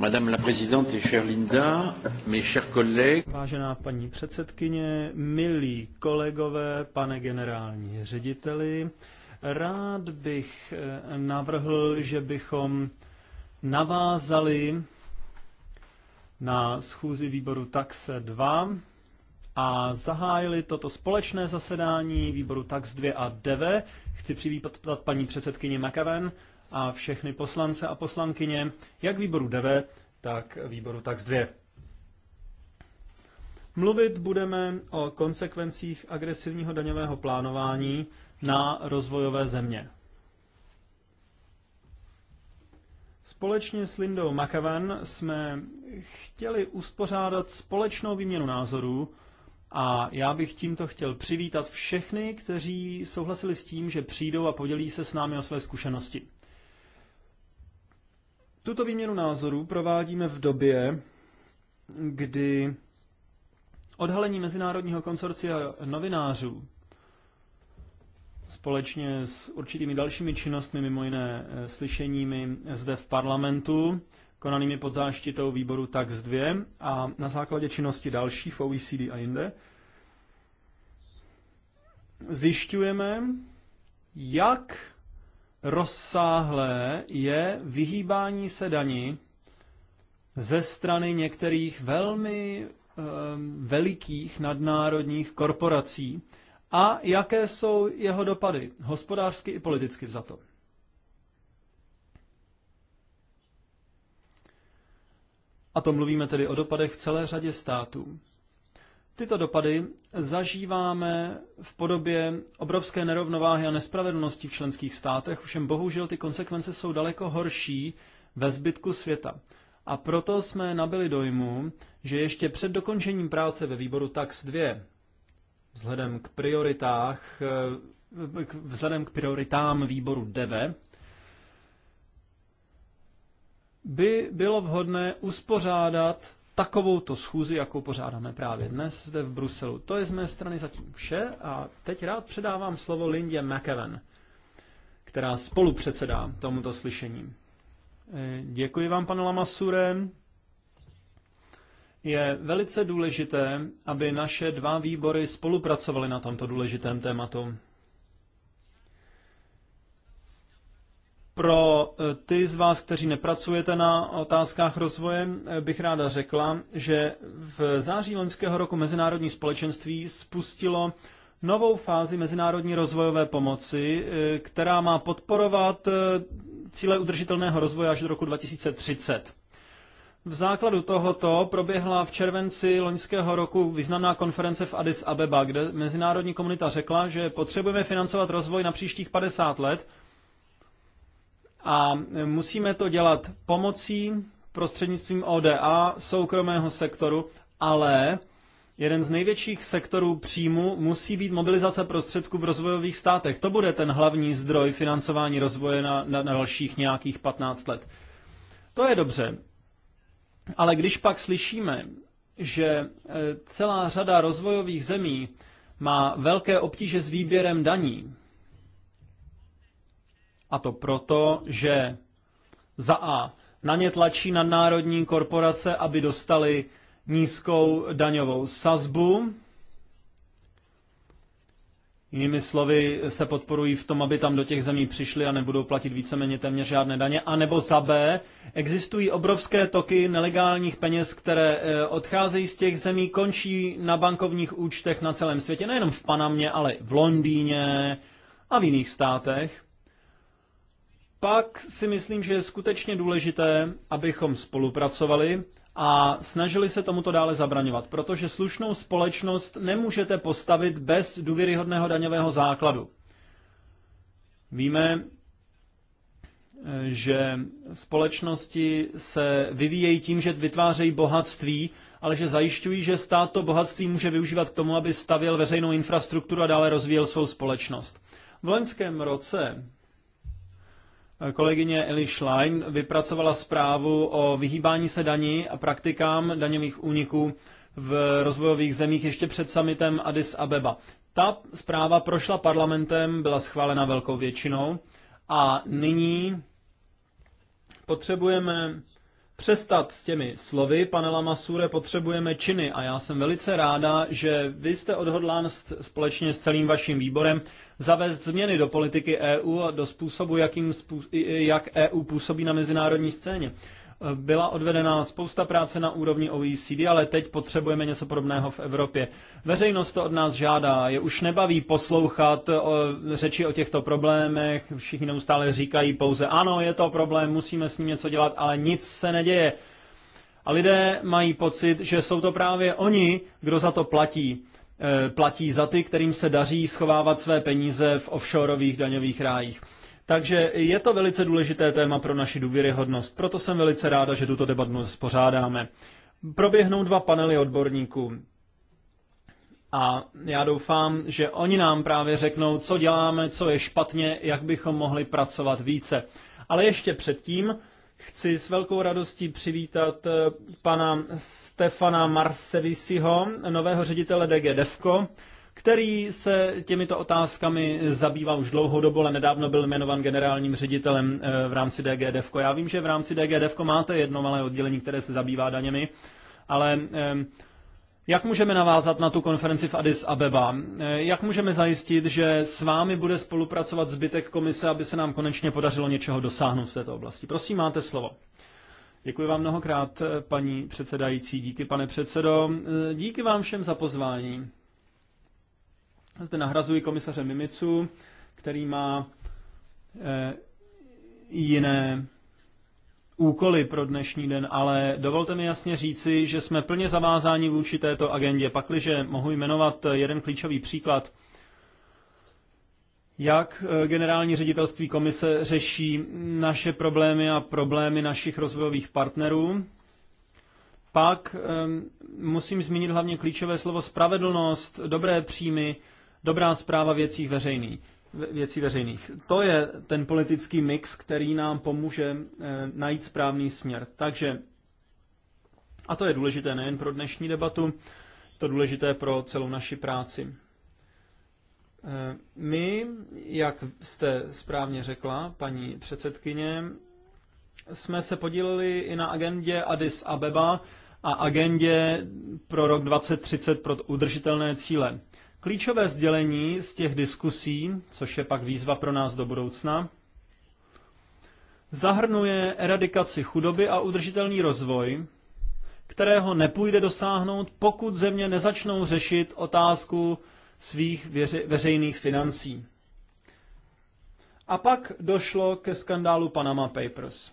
Madame la présidente et chère Linda, mes chers collègues. Vážená paní předsedkyně, milí kolegové, pane generální řediteli, rád bych eh, navrhl, že bychom navázali na schůzi výboru TAX 2 a zahájili toto společné zasedání výboru TAX 2 a DEVE. Chci přivítat paní předsedkyni McAven a všechny poslance a poslankyně, jak výboru DEVE, tak výboru TAX 2. Mluvit budeme o konsekvencích agresivního daňového plánování na rozvojové země. Společně s Lindou Makavan jsme chtěli uspořádat společnou výměnu názorů a já bych tímto chtěl přivítat všechny, kteří souhlasili s tím, že přijdou a podělí se s námi o své zkušenosti. Tuto výměnu názorů provádíme v době, kdy odhalení Mezinárodního konsorcia novinářů společně s určitými dalšími činnostmi, mimo jiné eh, slyšeními zde v parlamentu, konanými pod záštitou výboru TAX 2 a na základě činnosti dalších v OECD a jinde, zjišťujeme, jak rozsáhlé je vyhýbání se daní ze strany některých velmi e, velikých nadnárodních korporací a jaké jsou jeho dopady hospodářsky i politicky to. A to mluvíme tedy o dopadech v celé řadě států. Tyto dopady zažíváme v podobě obrovské nerovnováhy a nespravedlnosti v členských státech, jen bohužel ty konsekvence jsou daleko horší ve zbytku světa. A proto jsme nabili dojmu, že ještě před dokončením práce ve výboru TAX 2, vzhledem k prioritách, eh, vzhledem k prioritám výboru DEVE, by bylo vhodné uspořádat takovouto schůzi, jakou pořádáme právě dnes zde v Bruselu. To je z mé strany zatím vše a teď rád předávám slovo Lindě McEwen, která spolu předsedá tomuto slyšení. Eh, děkuji vám, pane Lamasure. Je velice důležité, aby naše dva výbory spolupracovaly na tomto důležitém tématu. Pro eh, ty z vás, kteří nepracujete na otázkách rozvoje, eh, bych ráda řekla, že v září loňského roku mezinárodní společenství spustilo novou fázi mezinárodní rozvojové pomoci, eh, která má podporovat cíle udržitelného rozvoje až do roku 2030. V základu tohoto proběhla v červenci loňského roku významná konference v Addis Abeba, kde mezinárodní komunita řekla, že potřebujeme financovat rozvoj na příštích 50 let a musíme to dělat pomocí, prostřednictvím ODA, soukromého sektoru, ale jeden z největších sektorů příjmu musí být mobilizace prostředků v rozvojových státech. To bude ten hlavní zdroj financování rozvoje na, na, na dalších nějakých 15 let. To je dobře. Ale když pak slyšíme, že e, celá řada rozvojových zemí má velké obtíže s výběrem daní, a to proto, že za A na ně tlačí nadnárodní korporace, aby dostali nízkou daňovou sazbu. Jinými slovy se podporují v tom, aby tam do těch zemí přišli a nebudou platit víceméně téměř žádné daně. A nebo za B, existují obrovské toky nelegálních peněz, které eh, odcházejí z těch zemí, končí na bankovních účtech na celém světě, nejenom v Panamě, ale v Londýně a v jiných státech pak si myslím, že je skutečně důležité, abychom spolupracovali a snažili se tomuto dále zabraňovat, protože slušnou společnost nemůžete postavit bez důvěryhodného daňového základu. Víme, eh, že společnosti se vyvíjejí tím, že vytvářejí bohatství, ale že zajišťují, že stát to bohatství může využívat k tomu, aby stavěl veřejnou infrastrukturu a dále rozvíjel svou společnost. V loňském roce Kolegyně Eli Schlein vypracovala zprávu o vyhýbání se daní a praktikám daňových úniků v rozvojových zemích ještě před summitem Addis Abeba. Ta zpráva prošla parlamentem, byla schválena velkou většinou a nyní potřebujeme přestat s těmi slovy, pane Lamasure, potřebujeme činy a já jsem velice ráda, že vy jste odhodlán společně s celým vaším výborem zavést změny do politiky EU a do způsobu, jakým, jak EU působí na mezinárodní scéně. Byla odvedena spousta práce na úrovni OECD, ale teď potřebujeme něco podobného v Evropě. Veřejnost to od nás žádá. Je už nebaví poslouchat eh, o, řeči o těchto problémech. Všichni neustále říkají pouze, ano, je to problém, musíme s ním něco dělat, ale nic se neděje. A lidé mají pocit, že jsou to právě oni, kdo za to platí eh, platí za ty, kterým se daří schovávat své peníze v offshoreových daňových rájích. Takže je to velice důležité téma pro naši důvěryhodnost. Proto jsem velice ráda, že tuto debatu spořádáme. Proběhnou dva panely odborníků. A já doufám, že oni nám právě řeknou, co děláme, co je špatně, jak bychom mohli pracovat více. Ale ještě předtím chci s velkou radostí přivítat eh, pana Stefana Marsevisiho, nového ředitele DG Devco, který se těmito otázkami zabývá už dobu, ale nedávno byl jmenovan generálním ředitelem eh, v rámci DGDF. Já vím, že v rámci DGDF máte jedno malé oddělení, které se zabývá daněmi, ale eh, jak můžeme navázat na tu konferenci v Addis Abeba? Eh, jak můžeme zajistit, že s vámi bude spolupracovat zbytek komise, aby se nám konečně podařilo něčeho dosáhnout v této oblasti? Prosím, máte slovo. Děkuji vám mnohokrát, paní předsedající. Díky, pane předsedo. Díky vám všem za pozvání. Zde nahrazuji komisaře Mimicu, který má eh, jiné úkoly pro dnešní den, ale dovolte mi jasně říci, že jsme plně zavázáni vůči této agendě. Pakliže mohu jmenovat jeden klíčový příklad, jak eh, generální ředitelství komise řeší naše problémy a problémy našich rozvojových partnerů. Pak eh, musím zmínit hlavně klíčové slovo spravedlnost, dobré příjmy, dobrá zpráva věcí veřejných. Věcí veřejných. To je ten politický mix, který nám pomůže eh, najít správný směr. Takže, a to je důležité nejen pro dnešní debatu, to důležité pro celou naši práci. Eh, my, jak jste správně řekla, paní předsedkyně, jsme se podíleli i na agendě Addis Abeba a agendě pro rok 2030 pro udržitelné cíle. Klíčové sdělení z těch diskusí, což je pak výzva pro nás do budoucna, zahrnuje eradikaci chudoby a udržitelný rozvoj, kterého nepůjde dosáhnout, pokud země nezačnou řešit otázku svých věře, veřejných financí. A pak došlo ke skandálu Panama Papers.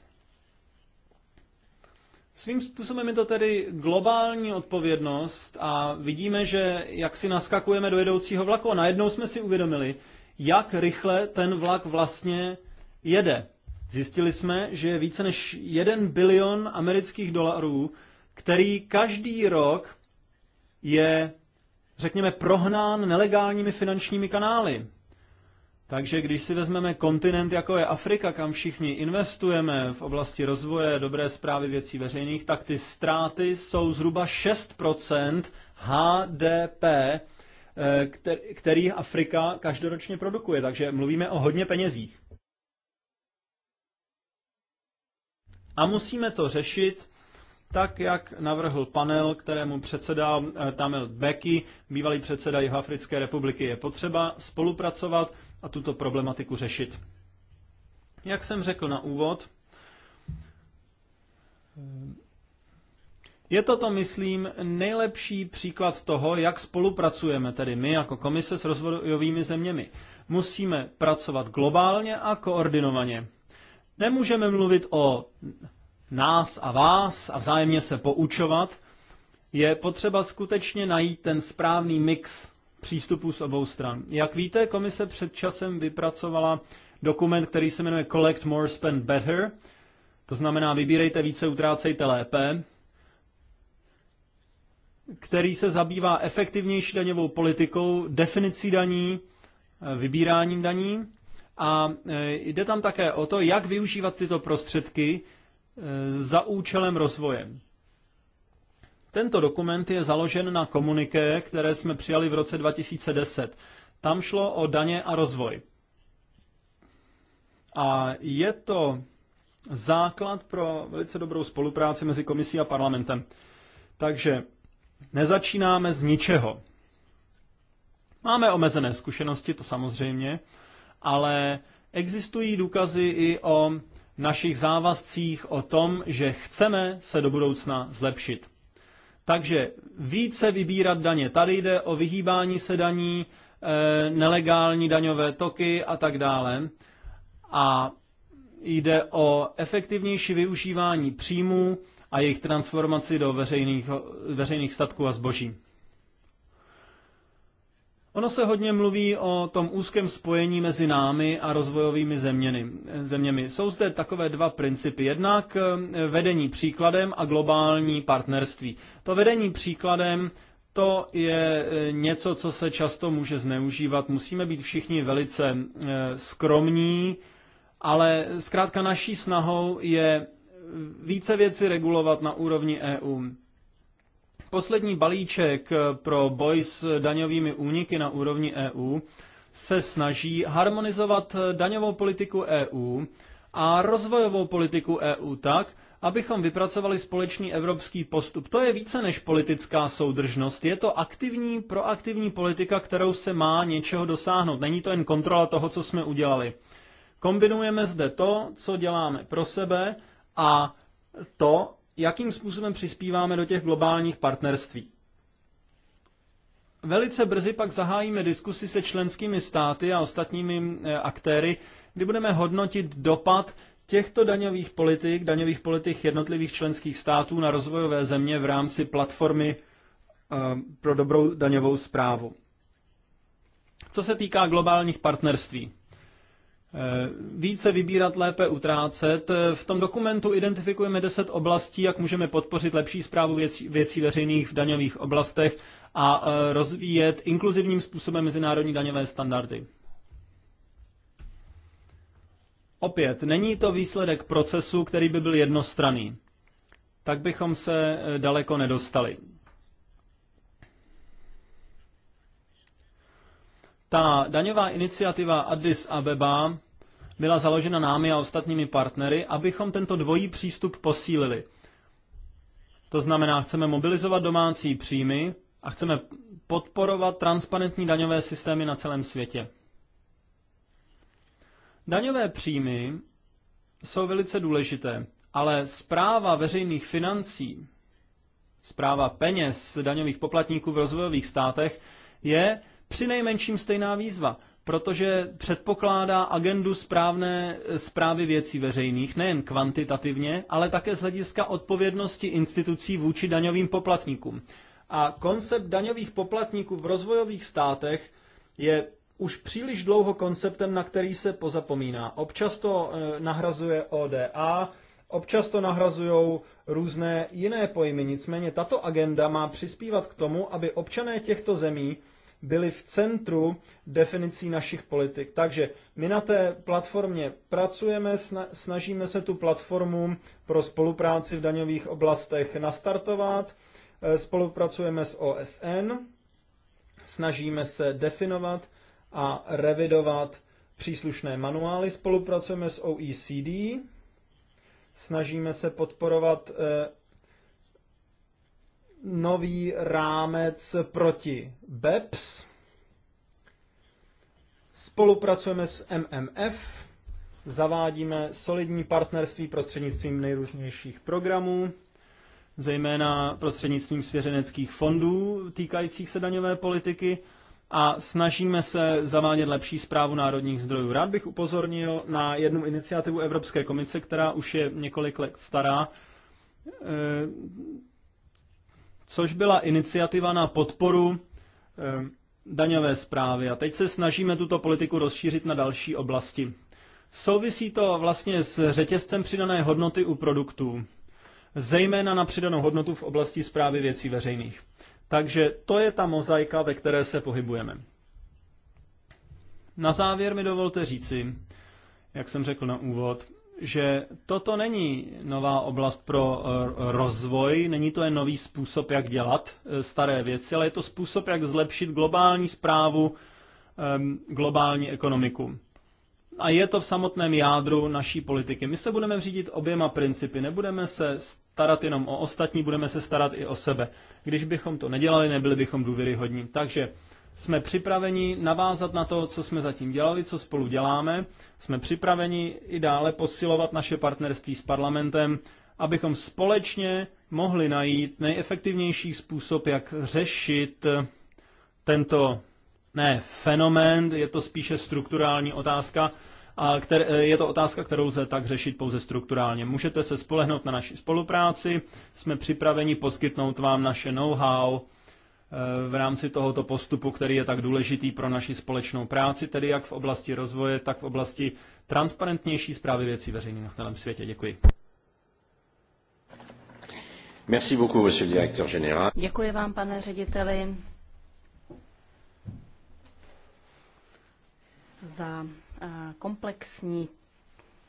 Svým způsobem je to tedy globální odpovědnost a vidíme, že jak si naskakujeme do jedoucího vlaku a najednou jsme si uvědomili, jak rychle ten vlak vlastně jede. Zjistili jsme, že je více než 1 bilion amerických dolarů, který každý rok je, řekněme, prohnán nelegálními finančními kanály. Takže když si vezmeme kontinent, jako je Afrika, kam všichni investujeme v oblasti rozvoje, dobré zprávy věcí veřejných, tak ty ztráty jsou zhruba 6% HDP, eh, který Afrika každoročně produkuje. Takže mluvíme o hodně penězích. A musíme to řešit tak, jak navrhl panel, kterému předseda eh, Tamil Beky, bývalý předseda Jihoafrické republiky. Je potřeba spolupracovat, a tuto problematiku řešit. Jak jsem řekl na úvod, je to myslím, nejlepší příklad toho, jak spolupracujeme, tedy my jako komise s rozvojovými zeměmi. Musíme pracovat globálně a koordinovaně. Nemůžeme mluvit o nás a vás a vzájemně se poučovat. Je potřeba skutečně najít ten správný mix přístupů z obou stran. Jak víte, komise před časem vypracovala dokument, který se jmenuje Collect More, Spend Better, to znamená vybírejte více, utrácejte lépe, který se zabývá efektivnější daňovou politikou, definicí daní, eh, vybíráním daní a eh, jde tam také o to, jak využívat tyto prostředky eh, za účelem rozvoje. Tento dokument je založen na komuniké, které jsme přijali v roce 2010. Tam šlo o daně a rozvoj. A je to základ pro velice dobrou spolupráci mezi komisí a parlamentem. Takže nezačínáme z ničeho. Máme omezené zkušenosti, to samozřejmě, ale existují důkazy i o našich závazcích o tom, že chceme se do budoucna zlepšit. Takže více vybírat daně. Tady jde o vyhýbání se daní, eh, nelegální daňové toky a tak dále. A jde o efektivnější využívání příjmů a jejich transformaci do veřejných, veřejných statků a zboží. Ono se hodně mluví o tom úzkém spojení mezi námi a rozvojovými zeměny, zeměmi. Jsou zde takové dva principy. Jednak eh, vedení příkladem a globální partnerství. To vedení příkladem to je eh, něco, co se často může zneužívat. Musíme být všichni velice eh, skromní, ale zkrátka naší snahou je více věci regulovat na úrovni EU. Poslední balíček pro boj s daňovými úniky na úrovni EU se snaží harmonizovat daňovou politiku EU a rozvojovou politiku EU tak, abychom vypracovali společný evropský postup. To je více než politická soudržnost. Je to aktivní, proaktivní politika, kterou se má něčeho dosáhnout. Není to jen kontrola toho, co jsme udělali. Kombinujeme zde to, co děláme pro sebe a to, jakým způsobem přispíváme do těch globálních partnerství. Velice brzy pak zahájíme diskusy se členskými státy a ostatními e, aktéry, kdy budeme hodnotit dopad těchto daňových politik, daňových politik jednotlivých členských států na rozvojové země v rámci platformy e, pro dobrou daňovou zprávu. Co se týká globálních partnerství, Eh, více vybírat, lépe utrácet. Eh, v tom dokumentu identifikujeme 10 oblastí, jak můžeme podpořit lepší zprávu věcí, věcí veřejných v daňových oblastech a eh, rozvíjet inkluzivním způsobem mezinárodní daňové standardy. Opět, není to výsledek procesu, který by byl jednostraný. Tak bychom se daleko nedostali. Ta daňová iniciativa Addis Abeba byla založena námi a ostatními partnery, abychom tento dvojí přístup posílili. To znamená, chceme mobilizovat domácí příjmy a chceme podporovat transparentní daňové systémy na celém světě. Daňové příjmy jsou velice důležité, ale zpráva veřejných financí, zpráva peněz daňových poplatníků v rozvojových státech je přinejmenším stejná výzva protože předpokládá agendu správné zprávy eh, věcí veřejných, nejen kvantitativně, ale také z hlediska odpovědnosti institucí vůči daňovým poplatníkům. A koncept daňových poplatníků v rozvojových státech je už příliš dlouho konceptem, na který se pozapomíná. Občas to eh, nahrazuje ODA, občas to nahrazují různé jiné pojmy. Nicméně tato agenda má přispívat k tomu, aby občané těchto zemí byly v centru definicí našich politik. Takže my na té platformě pracujeme, snažíme se tu platformu pro spolupráci v daňových oblastech nastartovat, eh, spolupracujeme s OSN, snažíme se definovat a revidovat příslušné manuály, spolupracujeme s OECD, snažíme se podporovat eh, nový rámec proti BEPS. Spolupracujeme s MMF, zavádíme solidní partnerství prostřednictvím nejrůznějších programů, zejména prostřednictvím svěřeneckých fondů týkajících se daňové politiky a snažíme se zavádět lepší zprávu národních zdrojů. Rád bych upozornil na jednu iniciativu Evropské komise, která už je několik let stará. Eh, což byla iniciativa na podporu eh, daňové zprávy. A teď se snažíme tuto politiku rozšířit na další oblasti. Souvisí to vlastně s řetězcem přidané hodnoty u produktů, zejména na přidanou hodnotu v oblasti zprávy věcí veřejných. Takže to je ta mozaika, ve které se pohybujeme. Na závěr mi dovolte říci, jak jsem řekl na úvod, že toto není nová oblast pro eh, rozvoj, není to jen nový způsob, jak dělat eh, staré věci, ale je to způsob, jak zlepšit globální zprávu, globální ekonomiku. A je to v samotném jádru naší politiky. My se budeme řídit oběma principy. Nebudeme se starat jenom o ostatní, budeme se starat i o sebe. Když bychom to nedělali, nebyli bychom důvěryhodní. Takže jsme připraveni navázat na to, co jsme zatím dělali, co spolu děláme. Jsme připraveni i dále posilovat naše partnerství s parlamentem, abychom společně mohli najít nejefektivnější způsob, jak řešit eh, tento ne fenomén, je to spíše strukturální otázka, a kter, eh, je to otázka, kterou lze tak řešit pouze strukturálně. Můžete se spolehnout na naši spolupráci, jsme připraveni poskytnout vám naše know-how v rámci tohoto postupu, který je tak důležitý pro naši společnou práci, tedy jak v oblasti rozvoje, tak v oblasti transparentnější zprávy věcí veřejných na celém světě. Děkuji. Merci beaucoup, monsieur le directeur général. Děkuji vám, pane řediteli, za eh, komplexní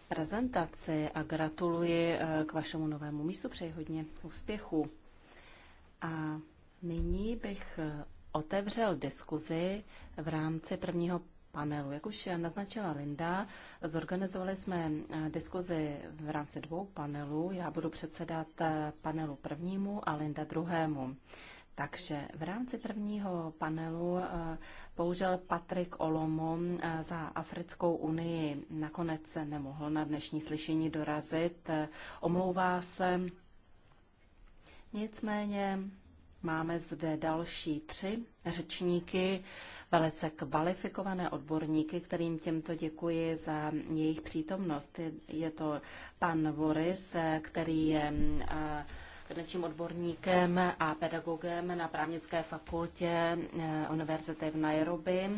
prezentaci a gratuluji eh, k vašemu novému místu. Přeji hodně úspěchu. A Nyní bych eh, otevřel diskuzi v rámci prvního panelu. Jak už eh, naznačila Linda, zorganizovali jsme eh, diskuzi v rámci dvou panelů. Já budu předsedat panelu prvnímu a Linda druhému. Takže v rámci prvního panelu použil Patrik Olomo za Africkou unii nakonec nemohl na dnešní slyšení dorazit. Omlouvá se. Nicméně Máme zde další tři řečníky, velice kvalifikované odborníky, kterým tímto děkuji za jejich přítomnost. Je to pan Boris, který je Vedlečím odborníkem a pedagogem na právnické fakultě e, Univerzity v Nairobi,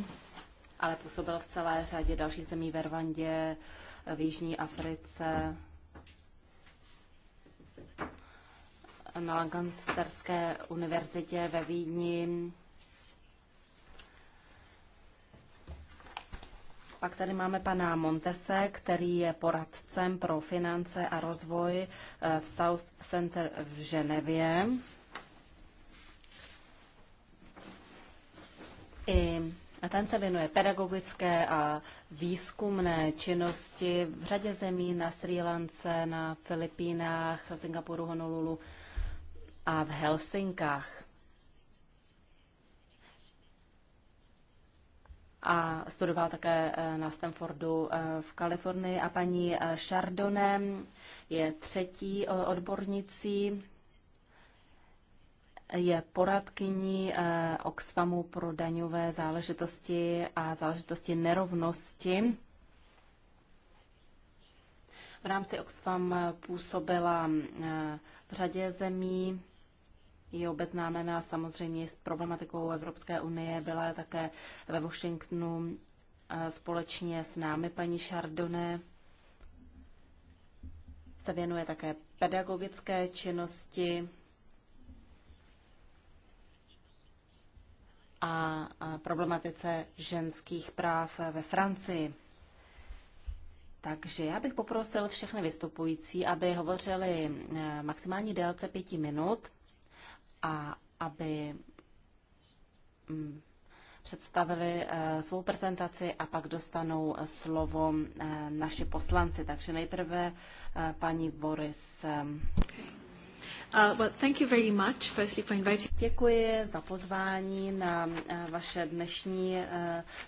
ale působil v celé řadě dalších zemí ve Rwandě, v Jižní Africe, na Lancasterské univerzitě ve Vídni. Pak tady máme pana Montese, který je poradcem pro finance a rozvoj eh, v South Center v Ženevě. I a ten se věnuje pedagogické a výzkumné činnosti v řadě zemí na Sri Lance, na Filipínách, na Singapuru, Honolulu a v Helsinkách. a studoval také eh, na Stanfordu eh, v Kalifornii. A paní eh, Chardonnay je třetí odbornicí, je poradkyní Oxfamu pro daňové záležitosti a záležitosti nerovnosti. V rámci Oxfam působila v řadě zemí je obeznámena samozřejmě s problematikou Evropské unie, byla také ve Washingtonu společně s námi paní Chardonnay. Se věnuje také pedagogické činnosti a problematice ženských práv ve Francii. Takže já bych poprosil všechny vystupující, aby hovořili eh, maximální délce pěti minut a aby mm, představili eh, svou prezentaci a pak dostanou eh, slovo eh, naši poslanci. Takže nejprve paní Boris. Děkuji za pozvání na vaše dnešní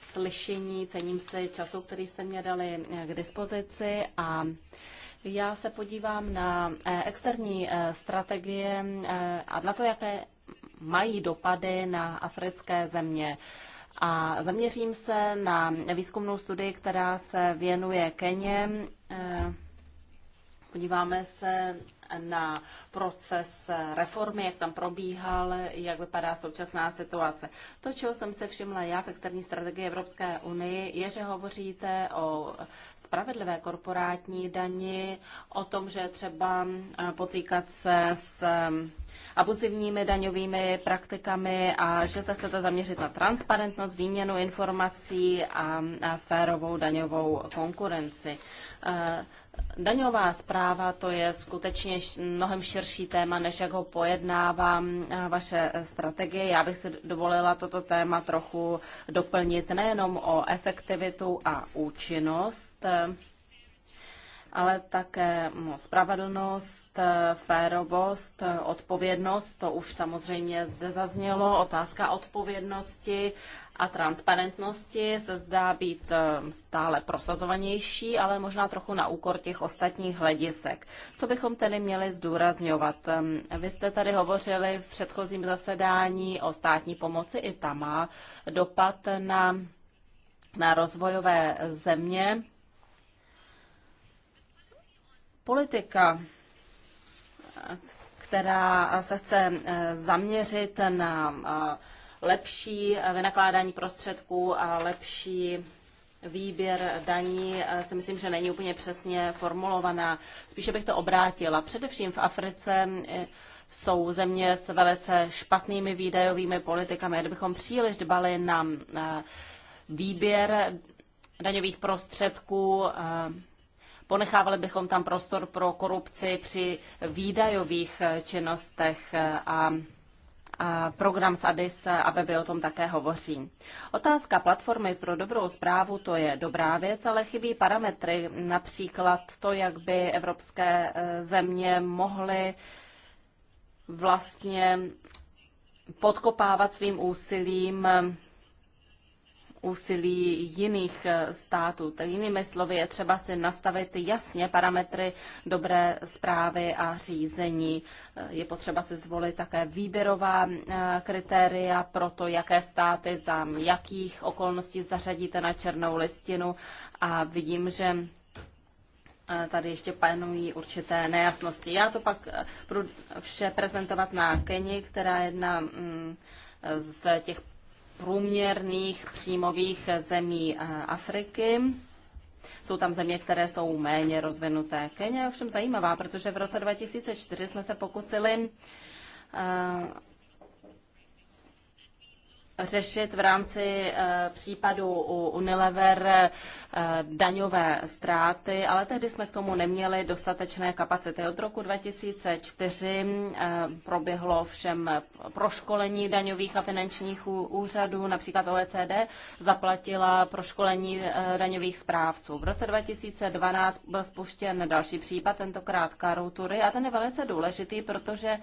slyšení. Cením si času, který jste mě dali k dispozici a uh, já se podívám na eh, externí eh, strategie eh, a na to, jaké mají dopady na africké země. A zaměřím se na výzkumnou studii, která se věnuje Keně. Podíváme se na proces reformy, jak tam probíhal, jak vypadá současná situace. To, čeho jsem se všimla já v externí strategii Evropské unie, je, že hovoříte o spravedlivé korporátní dani, o tom, že třeba eh, potýkat se s eh, abuzivními daňovými praktikami a že se chcete zaměřit na transparentnost, výměnu informací a férovou daňovou konkurenci. Eh, daňová zpráva to je skutečně mnohem širší téma, než jak ho pojednává vaše strategie. Já bych si dovolila toto téma trochu doplnit nejenom o efektivitu a účinnost, ale také no, spravedlnost, férovost, odpovědnost, to už samozřejmě zde zaznělo, otázka odpovědnosti a transparentnosti se zdá být eh, stále prosazovanější, ale možná trochu na úkor těch ostatních hledisek. Co bychom tedy měli zdůrazňovat? Ehm, vy jste tady hovořili v předchozím zasedání o státní pomoci, i tam má dopad na, na rozvojové země politika, která se chce eh, zaměřit na eh, lepší vynakládání prostředků a lepší výběr daní eh, si myslím, že není úplně přesně formulovaná. Spíše bych to obrátila. Především v Africe jsou země s velice špatnými výdajovými politikami. Kdybychom příliš dbali na výběr daňových prostředků, Ponechávali bychom tam prostor pro korupci při výdajových eh, činnostech eh, a a program z aby eh, Abeby o tom také hovoří. Otázka platformy pro dobrou zprávu, to je dobrá věc, ale chybí parametry, například to, jak by evropské země mohly vlastně podkopávat svým úsilím úsilí jiných eh, států. Tak jinými slovy je třeba si nastavit jasně parametry dobré zprávy a řízení. Eh, je potřeba si zvolit také výběrová eh, kritéria pro to, jaké státy za jakých okolností zařadíte na černou listinu. A vidím, že tady ještě panují určité nejasnosti. Já to pak budu vše prezentovat na Keni, která je jedna mm, z těch průměrných příjmových zemí eh, Afriky. Jsou tam země, které jsou méně rozvinuté. Kenia je ovšem zajímavá, protože v roce 2004 jsme se pokusili eh, řešit v rámci eh, případu u Unilever eh, daňové ztráty, ale tehdy jsme k tomu neměli dostatečné kapacity. Od roku 2004 eh, proběhlo všem proškolení daňových a finančních úřadů, například OECD zaplatila proškolení daňových správců. V roce 2012 byl spuštěn další případ, tentokrát Karoutury, a ten je velice důležitý, protože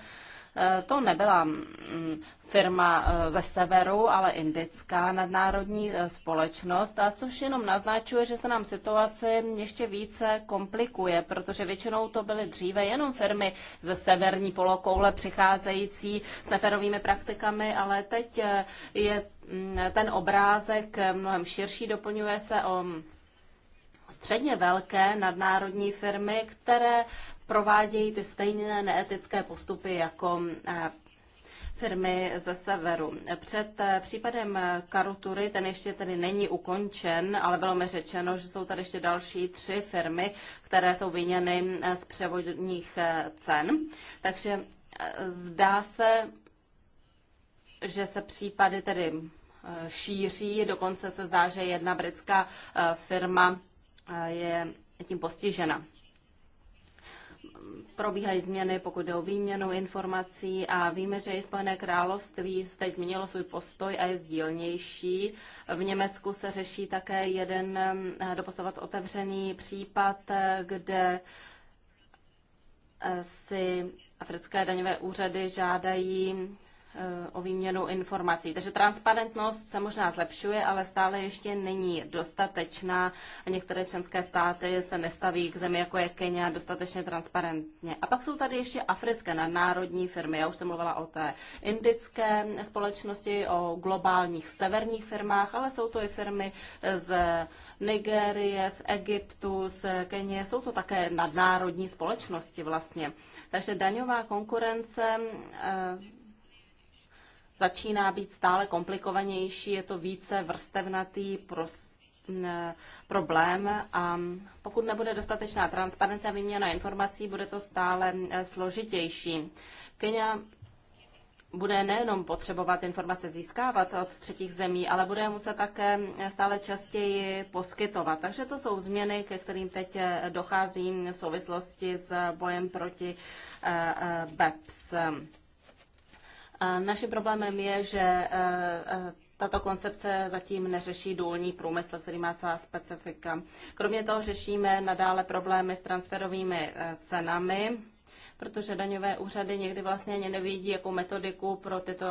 Eh, to nebyla mm, firma eh, ze severu, ale indická nadnárodní eh, společnost, a což jenom naznačuje, že se nám situace ještě více komplikuje, protože většinou to byly dříve jenom firmy ze severní polokoule přicházející s neferovými praktikami, ale teď je mm, ten obrázek mnohem širší, doplňuje se o středně velké nadnárodní firmy, které provádějí ty stejné neetické postupy jako eh, firmy ze severu. Před eh, případem Karutury, ten ještě tedy není ukončen, ale bylo mi řečeno, že jsou tady ještě další tři firmy, které jsou viněny eh, z převodních cen. Takže zdá se, že se případy tedy šíří, dokonce se zdá, že jedna britská firma je tím postižena. Probíhají změny, pokud jde o výměnu informací a víme, že i Spojené království zde změnilo svůj postoj a je sdílnější. V Německu se řeší také jeden eh, doposovat otevřený případ, eh, kde eh, si africké daňové úřady žádají Eh, o výměnu informací. Takže transparentnost se možná zlepšuje, ale stále ještě není dostatečná. Některé členské státy se nestaví k zemi, jako je Kenia, dostatečně transparentně. A pak jsou tady ještě africké nadnárodní firmy. Já už jsem mluvila o té indické společnosti, o globálních severních firmách, ale jsou to i firmy z Nigérie, z Egyptu, z Kenie. Jsou to také nadnárodní společnosti vlastně. Takže daňová konkurence eh, začíná být stále komplikovanější, je to více vrstevnatý prost, problém a pokud nebude dostatečná transparence a výměna informací, bude to stále složitější. Kenya bude nejenom potřebovat informace získávat od třetích zemí, ale bude je muset také stále častěji poskytovat. Takže to jsou změny, ke kterým teď eh, dochází v souvislosti s bojem proti eh, eh, BEPS. Naším problémem je, že e, e, tato koncepce zatím neřeší důlní průmysl, který má svá specifika. Kromě toho řešíme nadále problémy s transferovými e, cenami, protože daňové úřady někdy vlastně ani nevidí, jakou metodiku pro tyto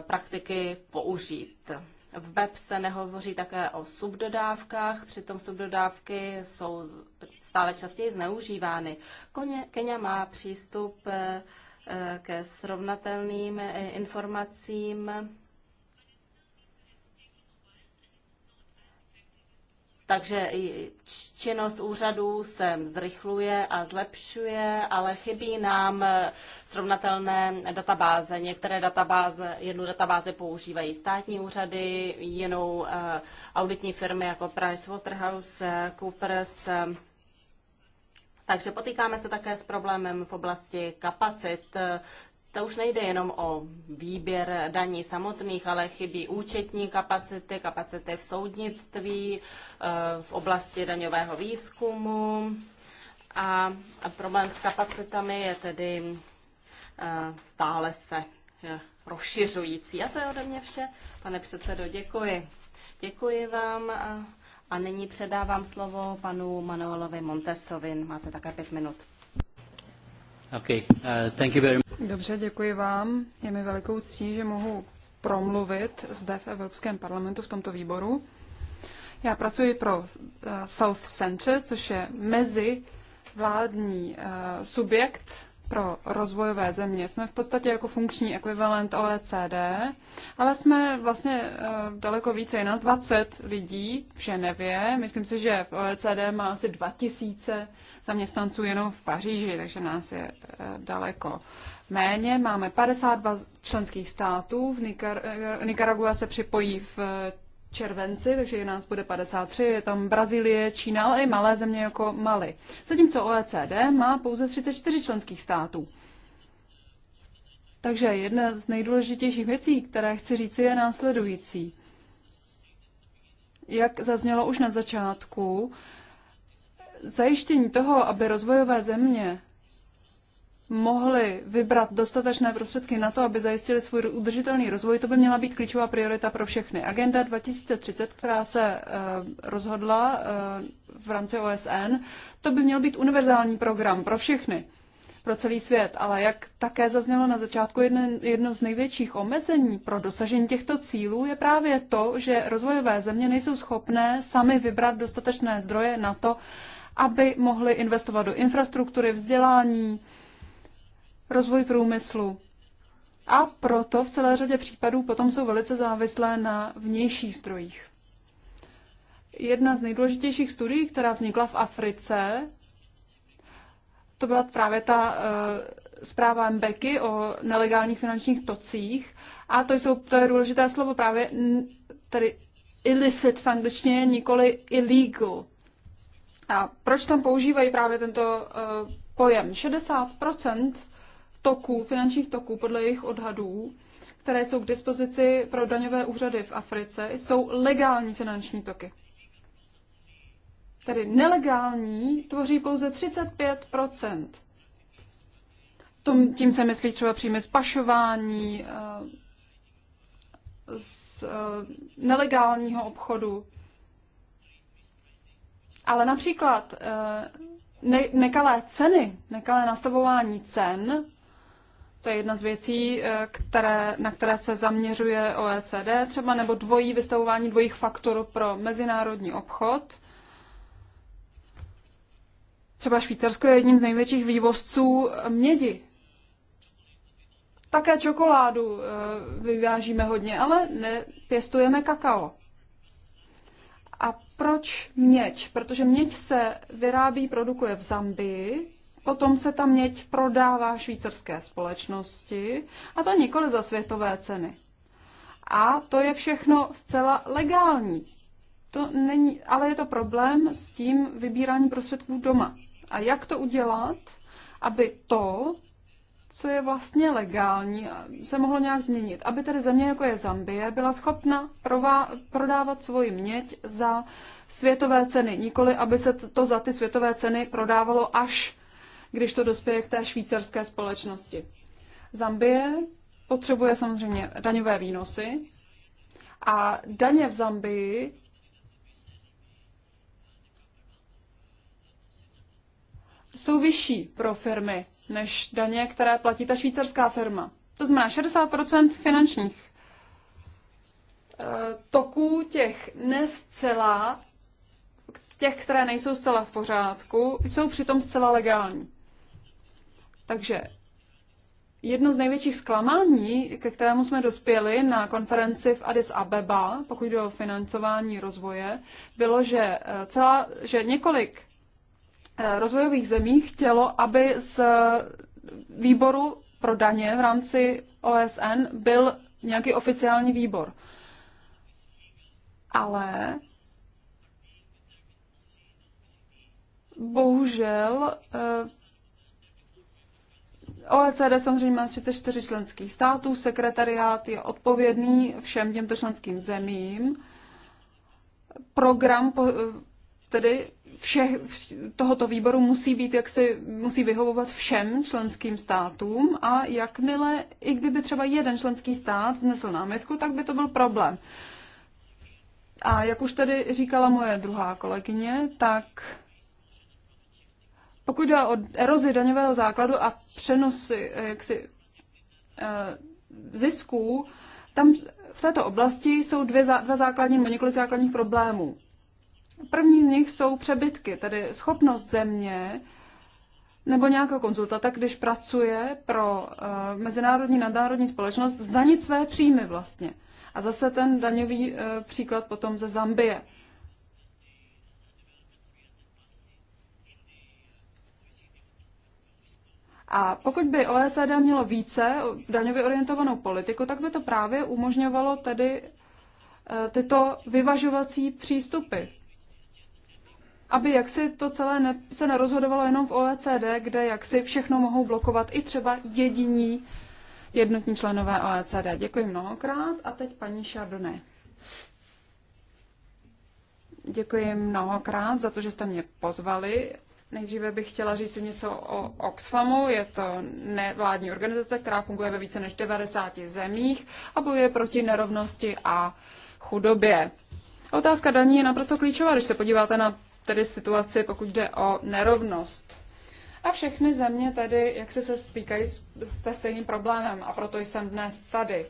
praktiky použít. V BEP se nehovoří také o subdodávkách, přitom subdodávky jsou stále častěji zneužívány. Kenya má přístup Eh, ke srovnatelným eh, informacím. Takže činnost úřadů se zrychluje a zlepšuje, ale chybí nám eh, srovnatelné databáze. Některé databáze, jednu databázi používají státní úřady, jinou auditní firmy jako Pricewaterhouse, Coopers, takže potýkáme se také s problémem v oblasti kapacit. To už nejde jenom o výběr daní samotných, ale chybí účetní kapacity, kapacity v soudnictví, eh, v oblasti daňového výzkumu. A problém s kapacitami je tedy eh, stále se eh, rozšiřující. A to je ode mě vše. Pane předsedo, děkuji. Děkuji vám. A... A nyní předávám slovo panu Manuelovi Montesovin. Máte také pět minut. Okay. Uh, thank you very much. Dobře, děkuji vám. Je mi velikou ctí, že mohu promluvit zde v Evropském parlamentu v tomto výboru. Já pracuji pro uh, South Center, což je mezi vládní uh, subjekt pro rozvojové země. Jsme v podstatě jako funkční ekvivalent OECD, ale jsme vlastně eh, daleko více, na 20 lidí v Ženevě. Myslím si, že v OECD má asi 2000 zaměstnanců jenom v Paříži, takže nás je eh, daleko méně. Máme 52 členských států, v Nikar- eh, Nikaragua se připojí v červenci, takže je nás bude 53, je tam Brazílie, Čína, ale i malé země jako Mali. Zatímco OECD má pouze 34 členských států. Takže jedna z nejdůležitějších věcí, které chci říci, je následující. Jak zaznělo už na začátku, zajištění toho, aby rozvojové země mohli vybrat dostatečné prostředky na to, aby zajistili svůj udržitelný rozvoj, to by měla být klíčová priorita pro všechny. Agenda 2030, která se eh, rozhodla eh, v rámci OSN, to by měl být univerzální program pro všechny pro celý svět, ale jak také zaznělo na začátku, jedno, jedno z největších omezení pro dosažení těchto cílů je právě to, že rozvojové země nejsou schopné sami vybrat dostatečné zdroje na to, aby mohly investovat do infrastruktury, vzdělání, rozvoj průmyslu. A proto v celé řadě případů potom jsou velice závislé na vnějších zdrojích. Jedna z nejdůležitějších studií, která vznikla v Africe, to byla právě ta uh, zpráva Mbeky o nelegálních finančních tocích. A to, jsou, to je důležité slovo právě tedy illicit v angličtině, nikoli illegal. A proč tam používají právě tento uh, pojem? 60% toků, finančních toků podle jejich odhadů, které jsou k dispozici pro daňové úřady v Africe, jsou legální finanční toky. Tedy nelegální tvoří pouze 35 Tom, tím se myslí třeba příjmy z pašování, eh, z eh, nelegálního obchodu. Ale například eh, ne, nekalé ceny, nekalé nastavování cen to je jedna z věcí, eh, které, na které se zaměřuje OECD, třeba nebo dvojí vystavování dvojích faktur pro mezinárodní obchod. Třeba Švýcarsko je jedním z největších vývozců mědi. Také čokoládu eh, vyvážíme hodně, ale nepěstujeme kakao. A proč měď? Protože měď se vyrábí, produkuje v Zambii, Potom se ta měď prodává švýcarské společnosti a to nikoli za světové ceny. A to je všechno zcela legální. To není, ale je to problém s tím vybírání prostředků doma. A jak to udělat, aby to, co je vlastně legální, se mohlo nějak změnit. Aby tedy země, jako je Zambie, byla schopna prová prodávat svoji měď za světové ceny. Nikoli, aby se to za ty světové ceny prodávalo až když to dospěje k té švýcarské společnosti. Zambie potřebuje samozřejmě daňové výnosy a daně v Zambii jsou vyšší pro firmy než daně, které platí ta švýcarská firma. To znamená 60% finančních eh, toků těch nescela, těch, které nejsou zcela v pořádku, jsou přitom zcela legální. Takže jedno z největších zklamání, ke kterému jsme dospěli na konferenci v Addis Abeba, pokud jde o financování rozvoje, bylo, že, eh, celá, že několik eh, rozvojových zemí chtělo, aby z výboru pro daně v rámci OSN byl nějaký oficiální výbor. Ale bohužel eh, OECD samozřejmě má 34 členských států, sekretariát je odpovědný všem těmto členským zemím. Program tedy všech, tohoto výboru musí být, jak si musí vyhovovat všem členským státům a jakmile, i kdyby třeba jeden členský stát vznesl námitku, tak by to byl problém. A jak už tady říkala moje druhá kolegyně, tak pokud jde o erozi daňového základu a přenosy eh, jaksi, eh, zisků, tam v této oblasti jsou dvě, dva základní nebo několik základních problémů. První z nich jsou přebytky, tedy schopnost země nebo nějakého konzultanta, když pracuje pro uh, mezinárodní nadnárodní společnost, zdanit své příjmy vlastně. A zase ten daňový uh, příklad potom ze Zambie. A pokud by OECD mělo více daňově orientovanou politiku, tak by to právě umožňovalo tedy eh, tyto vyvažovací přístupy. Aby jaksi to celé ne, se nerozhodovalo jenom v OECD, kde jaksi všechno mohou blokovat i třeba jediní jednotní členové OECD. Děkuji mnohokrát a teď paní Chardonnay. Děkuji mnohokrát za to, že jste mě pozvali Nejdříve bych chtěla říct něco o Oxfamu. Je to nevládní organizace, která funguje ve více než 90 zemích a bojuje proti nerovnosti a chudobě. Otázka daní je naprosto klíčová, když se podíváte na tedy situaci, pokud jde o nerovnost. A všechny země tady, jak se se stýkají s, s stejným problémem a proto jsem dnes tady.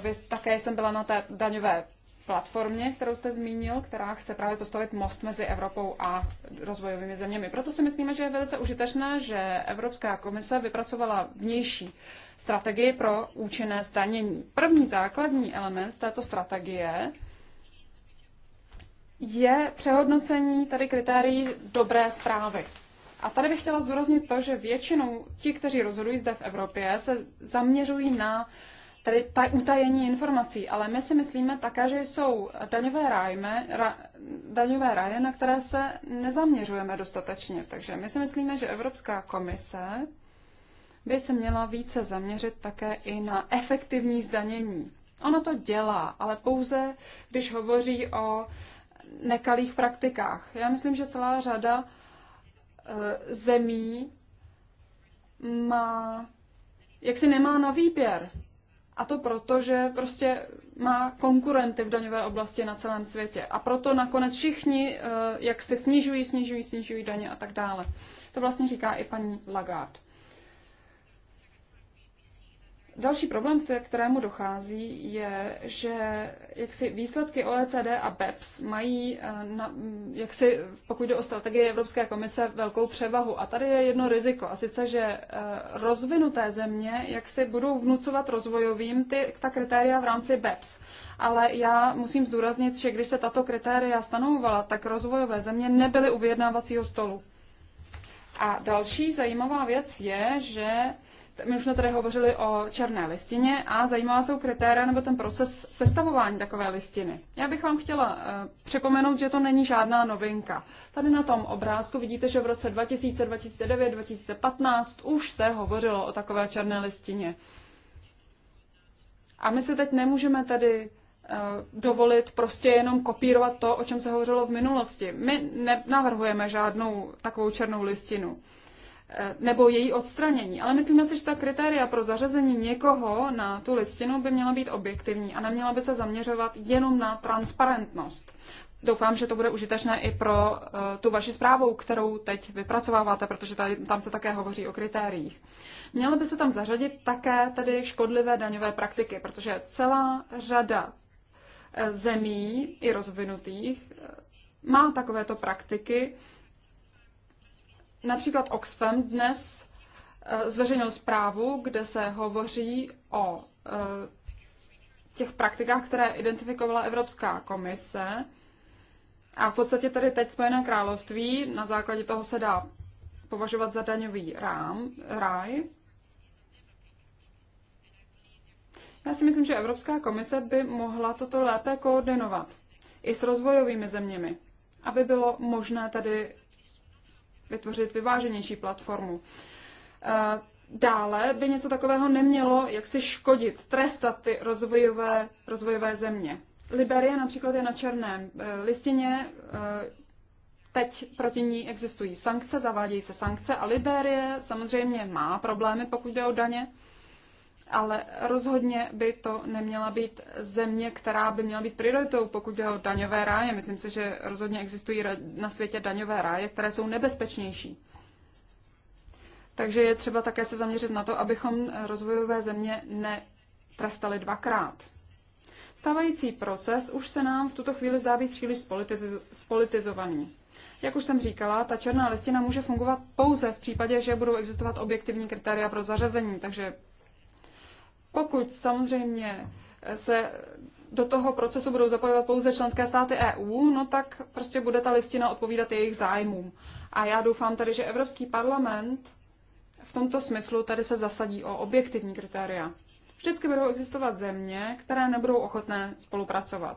Vy, také jsem byla na té daňové platformě, kterou jste zmínil, která chce právě postavit most mezi Evropou a rozvojovými zeměmi. Proto si myslíme, že je velice užitečné, že Evropská komise vypracovala vnější strategii pro účinné zdanění. První základní element této strategie je přehodnocení tady kritérií dobré zprávy. A tady bych chtěla zdůraznit to, že většinou ti, kteří rozhodují zde v Evropě, se zaměřují na uh, tedy taj, utajení informací, ale my si myslíme také, že jsou daňové rájme, ra, daňové ráje, na které se nezaměřujeme dostatečně. Takže my si myslíme, že Evropská komise by se měla více zaměřit také i na efektivní zdanění. Ona to dělá, ale pouze, když hovoří o nekalých praktikách. Já myslím, že celá řada eh, zemí má, jak si nemá na výběr. A to proto, že prostě má konkurenty v daňové oblasti na celém světě. A proto nakonec všichni, eh, jak se snižují, snižují, snižují daně a tak dále. To vlastně říká i paní Lagarde. Další problém, ke kterému dochází, je, že jaksi výsledky OECD a BEPS mají, eh, na, jaksi, pokud jde o strategii Evropské komise, velkou převahu. A tady je jedno riziko, a sice, že eh, rozvinuté země jaksi budou vnucovat rozvojovým ty, ta kritéria v rámci BEPS. Ale já musím zdůraznit, že když se tato kritéria stanovovala, tak rozvojové země nebyly u vyjednávacího stolu. A další zajímavá věc je, že my už jsme tady hovořili o černé listině a zajímala jsou kritéria nebo ten proces sestavování takové listiny. Já bych vám chtěla eh, připomenout, že to není žádná novinka. Tady na tom obrázku vidíte, že v roce 2000, 2009, 2015 už se hovořilo o takové černé listině. A my se teď nemůžeme tady eh, dovolit prostě jenom kopírovat to, o čem se hovořilo v minulosti. My nenavrhujeme žádnou takovou černou listinu. Eh, nebo její odstranění. Ale myslíme si, že ta kritéria pro zařazení někoho na tu listinu by měla být objektivní a neměla by se zaměřovat jenom na transparentnost. Doufám, že to bude užitečné i pro uh, tu vaši zprávu, kterou teď vypracováváte, protože tady, tam se také hovoří o kritériích. Mělo by se tam zařadit také tedy škodlivé daňové praktiky, protože celá řada eh, zemí, i rozvinutých, má takovéto praktiky, Například Oxfam dnes eh, zveřejnil zprávu, kde se hovoří o eh, těch praktikách, které identifikovala Evropská komise. A v podstatě tady teď Spojené království, na základě toho se dá považovat za daňový rám, ráj. Já si myslím, že Evropská komise by mohla toto lépe koordinovat i s rozvojovými zeměmi, aby bylo možné tady vytvořit vyváženější platformu. Eh, dále by něco takového nemělo jak si škodit, trestat ty rozvojové, rozvojové země. Liberie například je na černém eh, listině, eh, teď proti ní existují sankce, zavádějí se sankce a Liberie samozřejmě má problémy, pokud jde o daně ale rozhodně by to neměla být země, která by měla být prioritou, pokud jde o daňové ráje. Myslím si, že rozhodně existují na světě daňové ráje, které jsou nebezpečnější. Takže je třeba také se zaměřit na to, abychom rozvojové země netrestali dvakrát. Stávající proces už se nám v tuto chvíli zdá být příliš spolitizovaný. Jak už jsem říkala, ta černá listina může fungovat pouze v případě, že budou existovat objektivní kritéria pro zařazení, takže pokud samozřejmě se do toho procesu budou zapojovat pouze členské státy EU, no tak prostě bude ta listina odpovídat jejich zájmům. A já doufám tady, že Evropský parlament v tomto smyslu tady se zasadí o objektivní kritéria. Vždycky budou existovat země, které nebudou ochotné spolupracovat.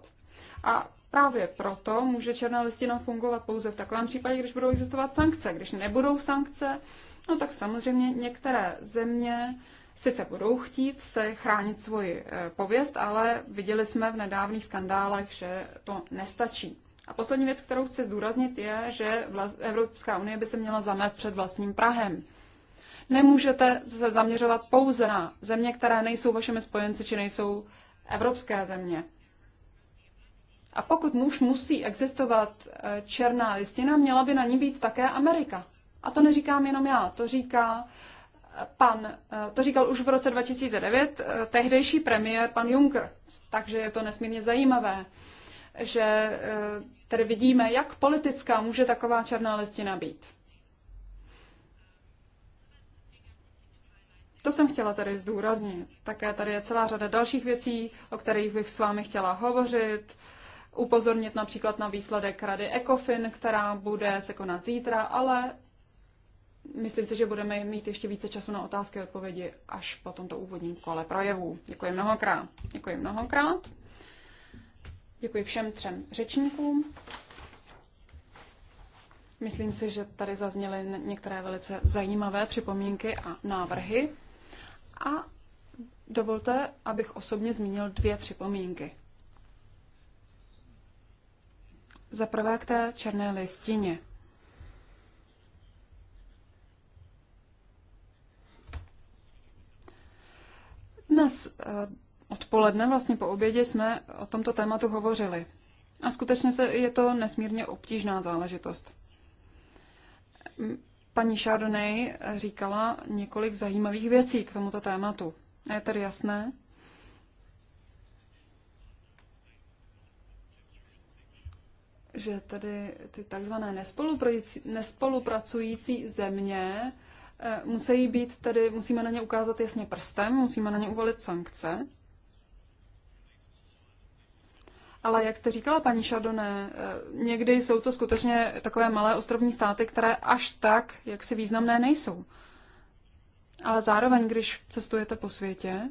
A právě proto může černá listina fungovat pouze v takovém případě, když budou existovat sankce. Když nebudou sankce, no tak samozřejmě některé země sice budou chtít se chránit svoji eh, pověst, ale viděli jsme v nedávných skandálech, že to nestačí. A poslední věc, kterou chci zdůraznit, je, že Evropská unie by se měla zamést před vlastním Prahem. Nemůžete se zaměřovat pouze na země, které nejsou vašimi spojenci či nejsou evropské země. A pokud muž musí existovat eh, černá listina, měla by na ní být také Amerika. A to neříkám jenom já, to říká pan, eh, to říkal už v roce 2009 eh, tehdejší premiér pan Juncker, takže je to nesmírně zajímavé, že eh, tedy vidíme, jak politická může taková černá listina být. To jsem chtěla tady zdůraznit. Také tady je celá řada dalších věcí, o kterých bych s vámi chtěla hovořit. Upozornit například na výsledek Rady ECOFIN, která bude se konat zítra, ale Myslím si, že budeme mít ještě více času na otázky a odpovědi až po tomto úvodním kole projevů. Děkuji mnohokrát. Děkuji mnohokrát. Děkuji všem třem řečníkům. Myslím si, že tady zazněly některé velice zajímavé připomínky a návrhy. A dovolte, abych osobně zmínil dvě připomínky. Za prvé k té černé listině. Dnes eh, odpoledne, vlastně po obědě, jsme o tomto tématu hovořili. A skutečně se, je to nesmírně obtížná záležitost. Paní Chardonnay říkala několik zajímavých věcí k tomuto tématu. A je tady jasné, že tady ty takzvané nespolupracující země Eh, musí být tedy, musíme na ně ukázat jasně prstem, musíme na ně uvolit sankce. Ale jak jste říkala, paní Šadoné, eh, někdy jsou to skutečně takové malé ostrovní státy, které až tak, jak si významné nejsou. Ale zároveň, když cestujete po světě,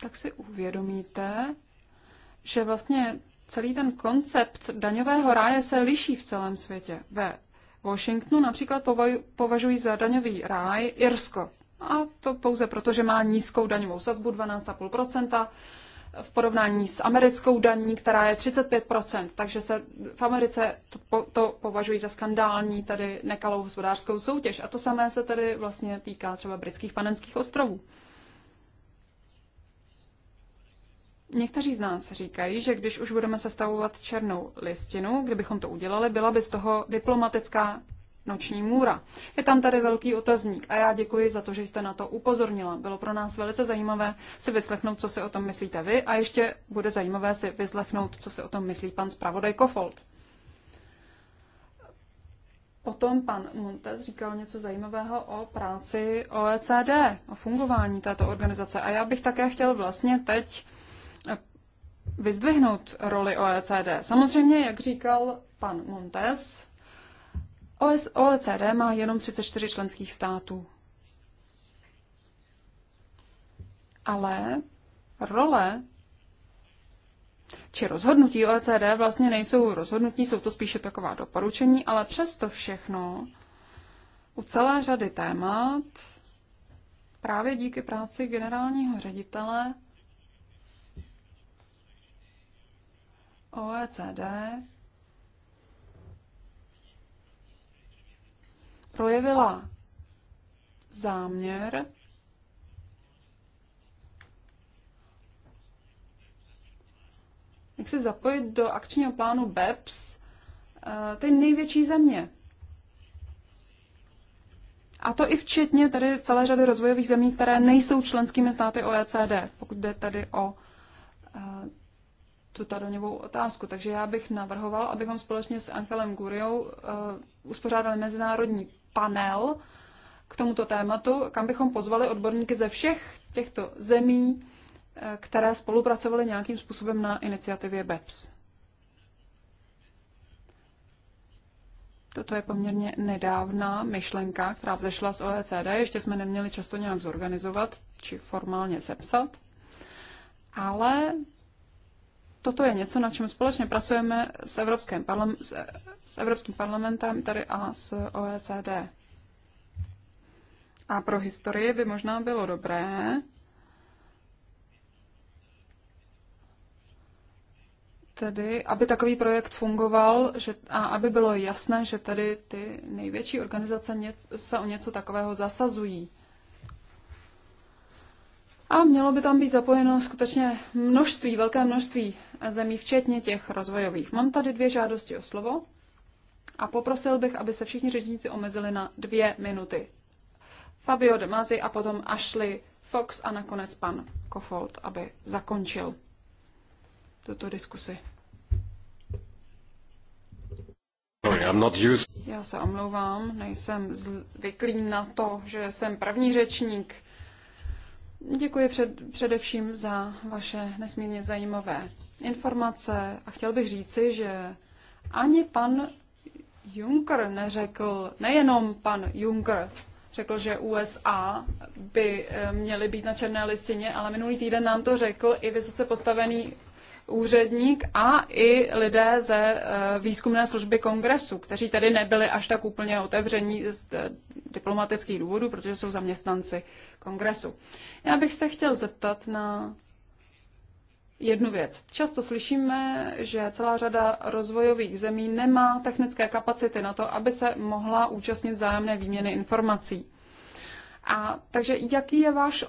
tak si uvědomíte, že vlastně celý ten koncept daňového ráje se liší v celém světě. Ve Washingtonu například považují za daňový ráj Irsko. A to pouze proto, že má nízkou daňovou sazbu 12,5% v porovnání s americkou daní, která je 35%. Takže se v Americe to, to považují za skandální, tady nekalou hospodářskou soutěž. A to samé se tedy vlastně týká třeba britských panenských ostrovů. Někteří z nás říkají, že když už budeme sestavovat černou listinu, kdybychom to udělali, byla by z toho diplomatická noční můra. Je tam tady velký otazník a já děkuji za to, že jste na to upozornila. Bylo pro nás velice zajímavé si vyslechnout, co si o tom myslíte vy a ještě bude zajímavé si vyslechnout, co si o tom myslí pan zpravodaj Kofold. Potom pan Montez říkal něco zajímavého o práci OECD, o fungování této organizace. A já bych také chtěl vlastně teď vyzdvihnout roli OECD. Samozřejmě, jak říkal pan Montes, OECD e má jenom 34 členských států. Ale role či rozhodnutí OECD vlastně nejsou rozhodnutí, jsou to spíše taková doporučení, ale přesto všechno u celé řady témat právě díky práci generálního ředitele OECD projevila záměr jak se zapojit do akčního plánu BEPS eh, ty největší země. A to i včetně tady celé řady rozvojových zemí, které nejsou členskými státy OECD, pokud jde tady o eh, tu Tadoňovou otázku. Takže já bych navrhoval, abychom společně s Angelem Guriou uh, uspořádali mezinárodní panel k tomuto tématu, kam bychom pozvali odborníky ze všech těchto zemí, uh, které spolupracovaly nějakým způsobem na iniciativě BEPS. Toto je poměrně nedávná myšlenka, která vzešla z OECD. Ještě jsme neměli často nějak zorganizovat či formálně sepsat. Ale toto je něco, na čem společně pracujeme s Evropským, parlam- s Evropským parlamentem tady a s OECD. A pro historii by možná bylo dobré tedy, aby takový projekt fungoval že, a aby bylo jasné, že tady ty největší organizace něco, se o něco takového zasazují. A mělo by tam být zapojeno skutečně množství, velké množství zemí, včetně těch rozvojových. Mám tady dvě žádosti o slovo a poprosil bych, aby se všichni řečníci omezili na dvě minuty. Fabio De Mazi a potom Ashley Fox a nakonec pan Kofold, aby zakončil tuto diskusi. Já se omlouvám, nejsem zvyklý na to, že jsem první řečník. Děkuji před, především za vaše nesmírně zajímavé informace a chtěl bych říci, že ani pan Juncker neřekl, nejenom pan Juncker řekl, že USA by eh, měly být na černé listině, ale minulý týden nám to řekl i vysoce postavený úředník a i lidé ze eh, výzkumné služby kongresu, kteří tady nebyli až tak úplně otevření z eh, diplomatických důvodů, protože jsou zaměstnanci kongresu. Já bych se chtěl zeptat na jednu věc. Často slyšíme, že celá řada rozvojových zemí nemá technické kapacity na to, aby se mohla účastnit vzájemné výměny informací. A takže jaký je váš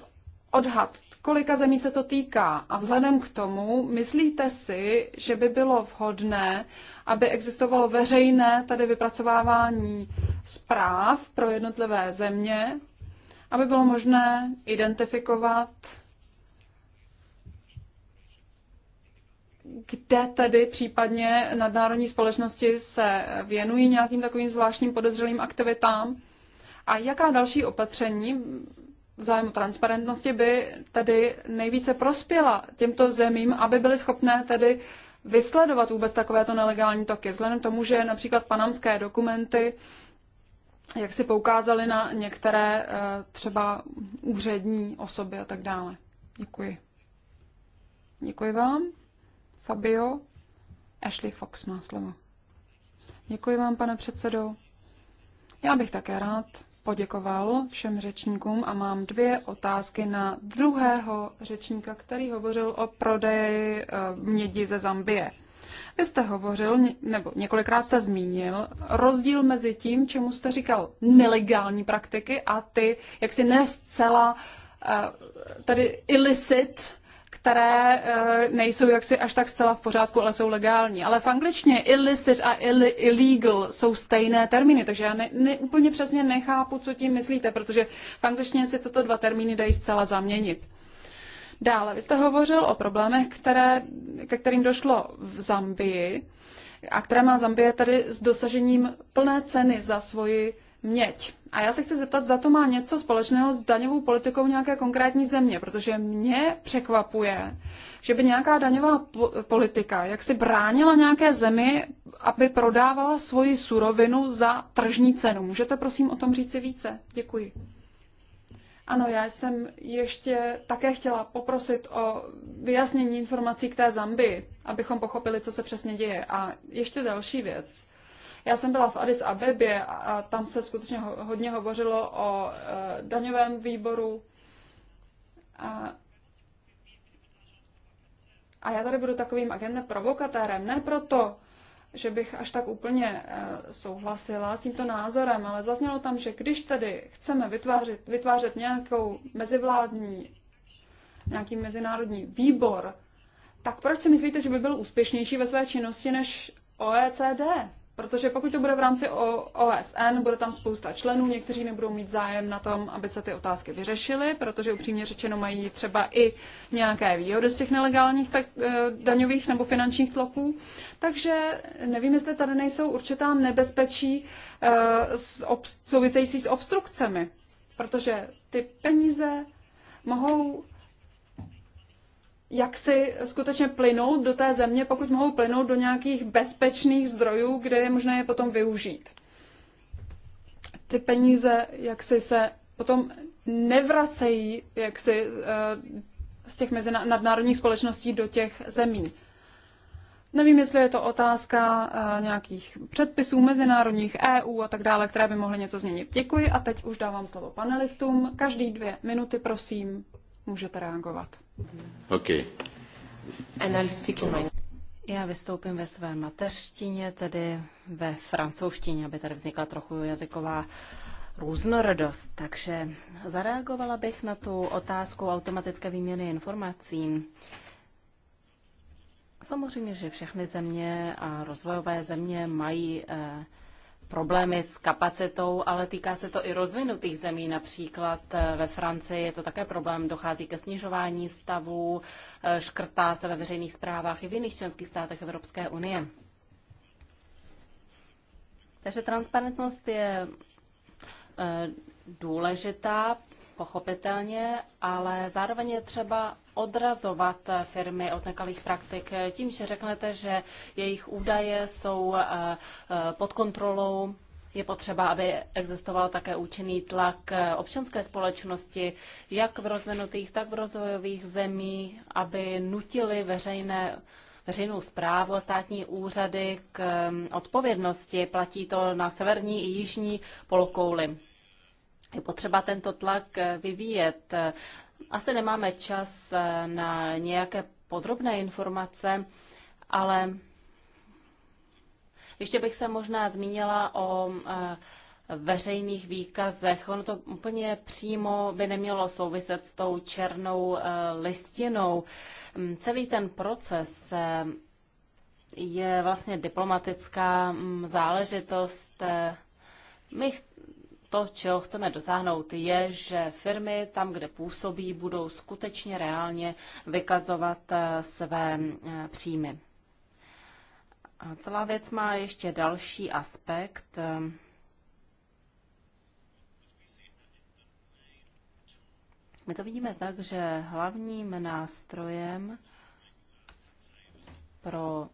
odhad kolika zemí se to týká. A vzhledem k tomu, myslíte si, že by bylo vhodné, aby existovalo veřejné tady vypracovávání zpráv pro jednotlivé země, aby bylo možné identifikovat, kde tedy případně nadnárodní společnosti se věnují nějakým takovým zvláštním podezřelým aktivitám a jaká další opatření v zájmu transparentnosti by tedy nejvíce prospěla těmto zemím, aby byly schopné tedy vysledovat vůbec takovéto nelegální toky. Vzhledem k tomu, že například panamské dokumenty jak si poukázali na některé eh, třeba úřední osoby a tak dále. Děkuji. Děkuji vám. Fabio. Ashley Fox má slovo. Děkuji vám, pane předsedo. Já bych také rád poděkoval všem řečníkům a mám dvě otázky na druhého řečníka, který hovořil o prodeji eh, mědi ze Zambie. Vy jste hovořil, nebo několikrát jste zmínil, rozdíl mezi tím, čemu jste říkal nelegální praktiky a ty, jak si ne zcela eh, tady illicit které eh, nejsou jaksi až tak zcela v pořádku, ale jsou legální. Ale v angličtině illicit a illegal jsou stejné termíny, takže já ne, ne, úplně přesně nechápu, co tím myslíte, protože v angličtině si toto dva termíny dají zcela zaměnit. Dále, vy jste hovořil o problémech, které, ke kterým došlo v Zambii a které má Zambie tady s dosažením plné ceny za svoji měď. A já se chci zeptat, zda to má něco společného s daňovou politikou nějaké konkrétní země, protože mě překvapuje, že by nějaká daňová politika jak si bránila nějaké zemi, aby prodávala svoji surovinu za tržní cenu. Můžete prosím o tom si více? Děkuji. Ano, já jsem ještě také chtěla poprosit o vyjasnění informací k té Zambii, abychom pochopili, co se přesně děje. A ještě další věc. Já jsem byla v Addis Abebě a tam se skutečně hodně hovořilo o e, daňovém výboru. A a já tady budu takovým agentem provokatérem, ne proto, že bych až tak úplně e, souhlasila s tímto názorem, ale zaznělo tam, že když tedy chceme vytvářet, vytvářet nějakou mezivládní, nějaký mezinárodní výbor, tak proč si myslíte, že by byl úspěšnější ve své činnosti než OECD? Protože pokud to bude v rámci OSN, bude tam spousta členů, někteří nebudou mít zájem na tom, aby se ty otázky vyřešily, protože upřímně řečeno mají třeba i nějaké výhody z těch nelegálních tak, eh, daňových nebo finančních tloků. Takže nevím, jestli tady nejsou určitá nebezpečí eh, s obst- související s obstrukcemi, protože ty peníze mohou jak si skutečně plynout do té země, pokud mohou plynout do nějakých bezpečných zdrojů, kde je možné je potom využít. Ty peníze, jak si se potom nevracejí jak si eh, z těch nadnárodních společností do těch zemí. Nevím, jestli je to otázka eh, nějakých předpisů mezinárodních EU a tak dále, které by mohly něco změnit. Děkuji a teď už dávám slovo panelistům. Každý dvě minuty, prosím, můžete reagovat. Okay. And I'll speak in my... Já vystoupím ve své mateřštině, tedy ve francouzštině, aby tady vznikla trochu jazyková různorodost. Takže zareagovala bych na tu otázku automatické výměny informací. Samozřejmě, že všechny země a rozvojové země mají eh, problémy s kapacitou, ale týká se to i rozvinutých zemí. Například eh, ve Francii je to také problém, dochází ke snižování stavů, eh, škrtá se ve veřejných zprávách i v jiných členských státech Evropské unie. Takže transparentnost je eh, důležitá, pochopitelně, ale zároveň je třeba odrazovat firmy od nekalých praktik tím, že řeknete, že jejich údaje jsou eh, eh, pod kontrolou, je potřeba, aby existoval také účinný tlak eh, občanské společnosti, jak v rozvinutých, tak v rozvojových zemích, aby nutili veřejné veřejnou zprávu a státní úřady k mm, odpovědnosti. Platí to na severní i jižní polokouli. Je potřeba tento tlak vyvíjet. Asi nemáme čas eh, na nějaké podrobné informace, ale ještě bych se možná zmínila o eh, veřejných výkazech. Ono to úplně přímo by nemělo souviset s tou černou eh, listinou. Mm, celý ten proces je vlastně diplomatická mm, záležitost. My to, čeho chceme dosáhnout, je, že firmy tam, kde působí, budou skutečně reálně vykazovat eh, své eh, příjmy. A celá věc má ještě další aspekt. Eh. My to vidíme tak, že hlavním nástrojem pro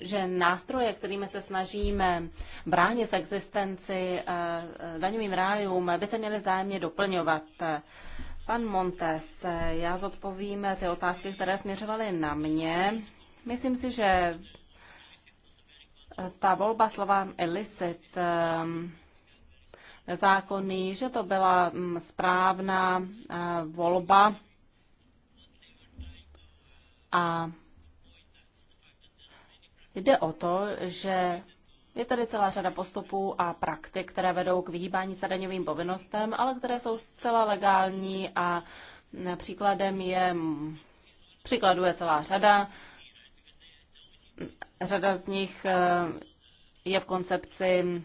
že nástroje, kterými se snažíme bránit v existenci eh, eh, daňovým rájům, by se měly zájemně doplňovat. Pan Montes, já zodpovím ty otázky, které směřovaly na mě. Myslím si, že eh, ta volba slova illicit, ehm, nezákonný, že to byla mm, správná volba a Jde o to, že je tady celá řada postupů a praktik, které vedou k vyhýbání se daňovým povinnostem, ale které jsou zcela legální a příkladem je, příkladů je celá řada. Řada z nich eh, je v koncepci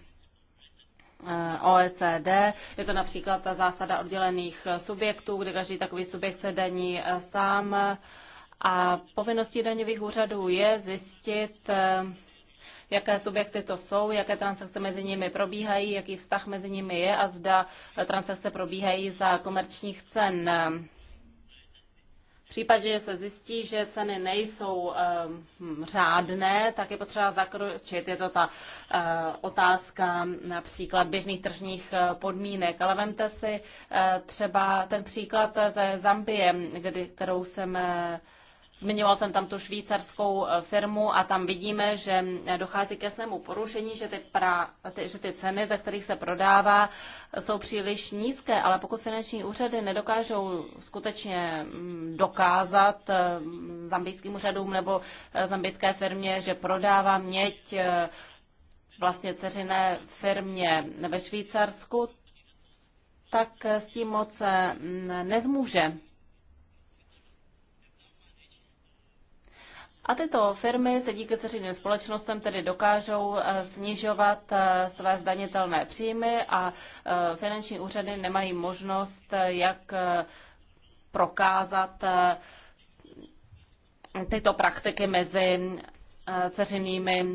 eh, OECD. Je to například ta zásada oddělených subjektů, kde každý takový subjekt se daní eh, sám a povinností daňových úřadů je zjistit, eh, jaké subjekty to jsou, jaké transakce mezi nimi probíhají, jaký vztah mezi nimi je a zda transakce probíhají za komerčních cen. V případě, že se zjistí, že ceny nejsou um, řádné, tak je potřeba zakročit. Je to ta uh, otázka například běžných tržních podmínek. Ale vemte si uh, třeba ten příklad ze Zambie, kdy, kterou jsem uh, Zmiňoval jsem tam tu švýcarskou eh, firmu a tam vidíme, že eh, dochází k jasnému porušení, že ty, pra, ty, že ty ceny, za kterých se prodává, jsou příliš nízké, ale pokud finanční úřady nedokážou skutečně mm, dokázat eh, zambijským úřadům nebo zambijské firmě, že prodává měď vlastně ceřiné firmě ve Švýcarsku, tak s tím moc nezmůže. A tyto firmy se díky ceřiným společnostem tedy dokážou eh, snižovat eh, své zdanitelné příjmy a eh, finanční úřady nemají možnost, jak prokázat tyto praktiky mezi ceřinými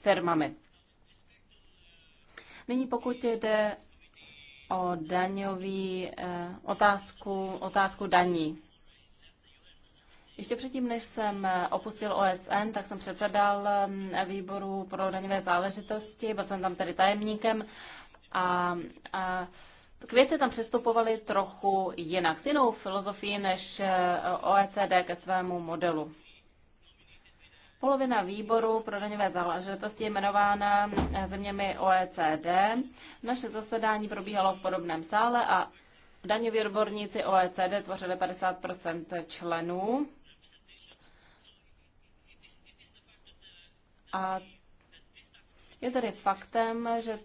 firmami. Nyní pokud jde o daňový, otázku, otázku daní. Ještě předtím, než jsem opustil OSN, tak jsem předsedal um, výboru pro daňové záležitosti, byl jsem tam tedy tajemníkem a, a k věci tam přistupovali trochu jinak, s jinou filozofií než uh, OECD ke svému modelu. Polovina výboru pro daňové záležitosti je jmenována zeměmi OECD. Naše zasedání probíhalo v podobném sále a daňoví odborníci OECD tvořili 50 členů. A je tedy faktem, že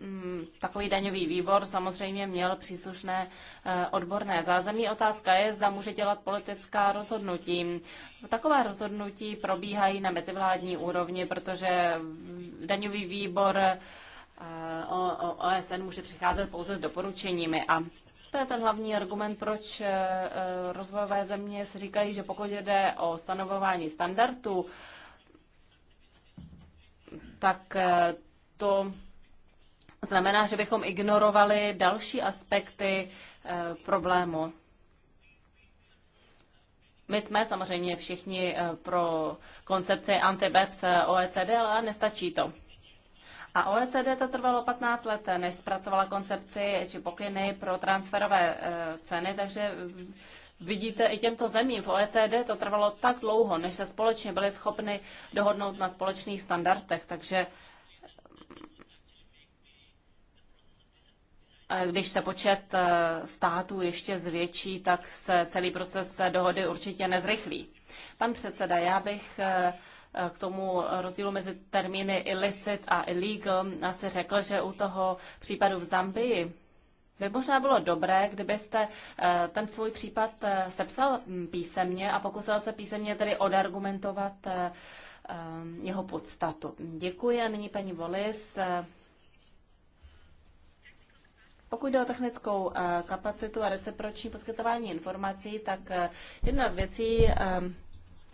mm, takový daňový výbor samozřejmě měl příslušné e, odborné zázemí. Otázka je, zda může dělat politická rozhodnutí. Taková rozhodnutí probíhají na mezivládní úrovni, protože daňový výbor e, OSN může přicházet pouze s doporučeními a to je ten hlavní argument, proč e, rozvojové země si říkají, že pokud jde o stanovování standardů, tak eh, to znamená, že bychom ignorovali další aspekty eh, problému. My jsme samozřejmě všichni eh, pro koncepci anti OECD, ale nestačí to. A OECD to trvalo 15 let, než zpracovala koncepci či pokyny pro transferové ceny, takže Vidíte, i těmto zemím v OECD to trvalo tak dlouho, než se společně byli schopni dohodnout na společných standardech, takže eh, Když se počet eh, států ještě zvětší, tak se celý proces dohody určitě nezrychlí. Pan předseda, já bych eh, k tomu rozdílu mezi termíny illicit a illegal asi řekl, že u toho případu v Zambii by možná bylo dobré, kdybyste eh, ten svůj případ eh, sepsal mm, písemně a pokusil se písemně tedy odargumentovat eh, jeho podstatu. Děkuji a nyní paní Volis. Pokud jde o technickou kapacitu a reciproční poskytování informací, tak jedna z věcí,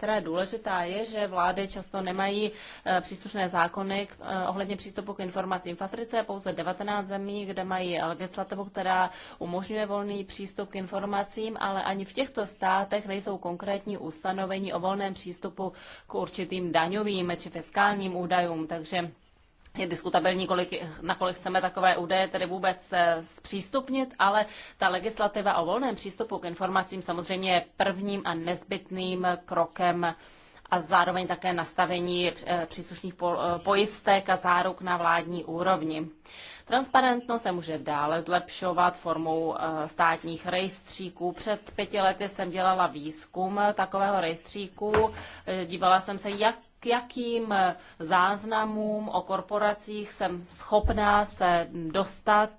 která je důležitá, je, že vlády často nemají eh, příslušné zákony eh, ohledně přístupu k informacím. V Africe je pouze 19 zemí, kde mají legislativu, která umožňuje volný přístup k informacím, ale ani v těchto státech nejsou konkrétní ustanovení o volném přístupu k určitým daňovým či fiskálním údajům. Takže je diskutabilní, kolik, nakolik chceme takové údaje tedy vůbec eh, zpřístupnit, ale ta legislativa o volném přístupu k informacím samozřejmě je prvním a nezbytným krokem a zároveň také nastavení eh, příslušných eh, pojistek a záruk na vládní úrovni. Transparentnost se může dále zlepšovat formou státních rejstříků. Před pěti lety jsem dělala výzkum takového rejstříku. Dívala jsem se, jak k jakým záznamům o korporacích jsem schopná se dostat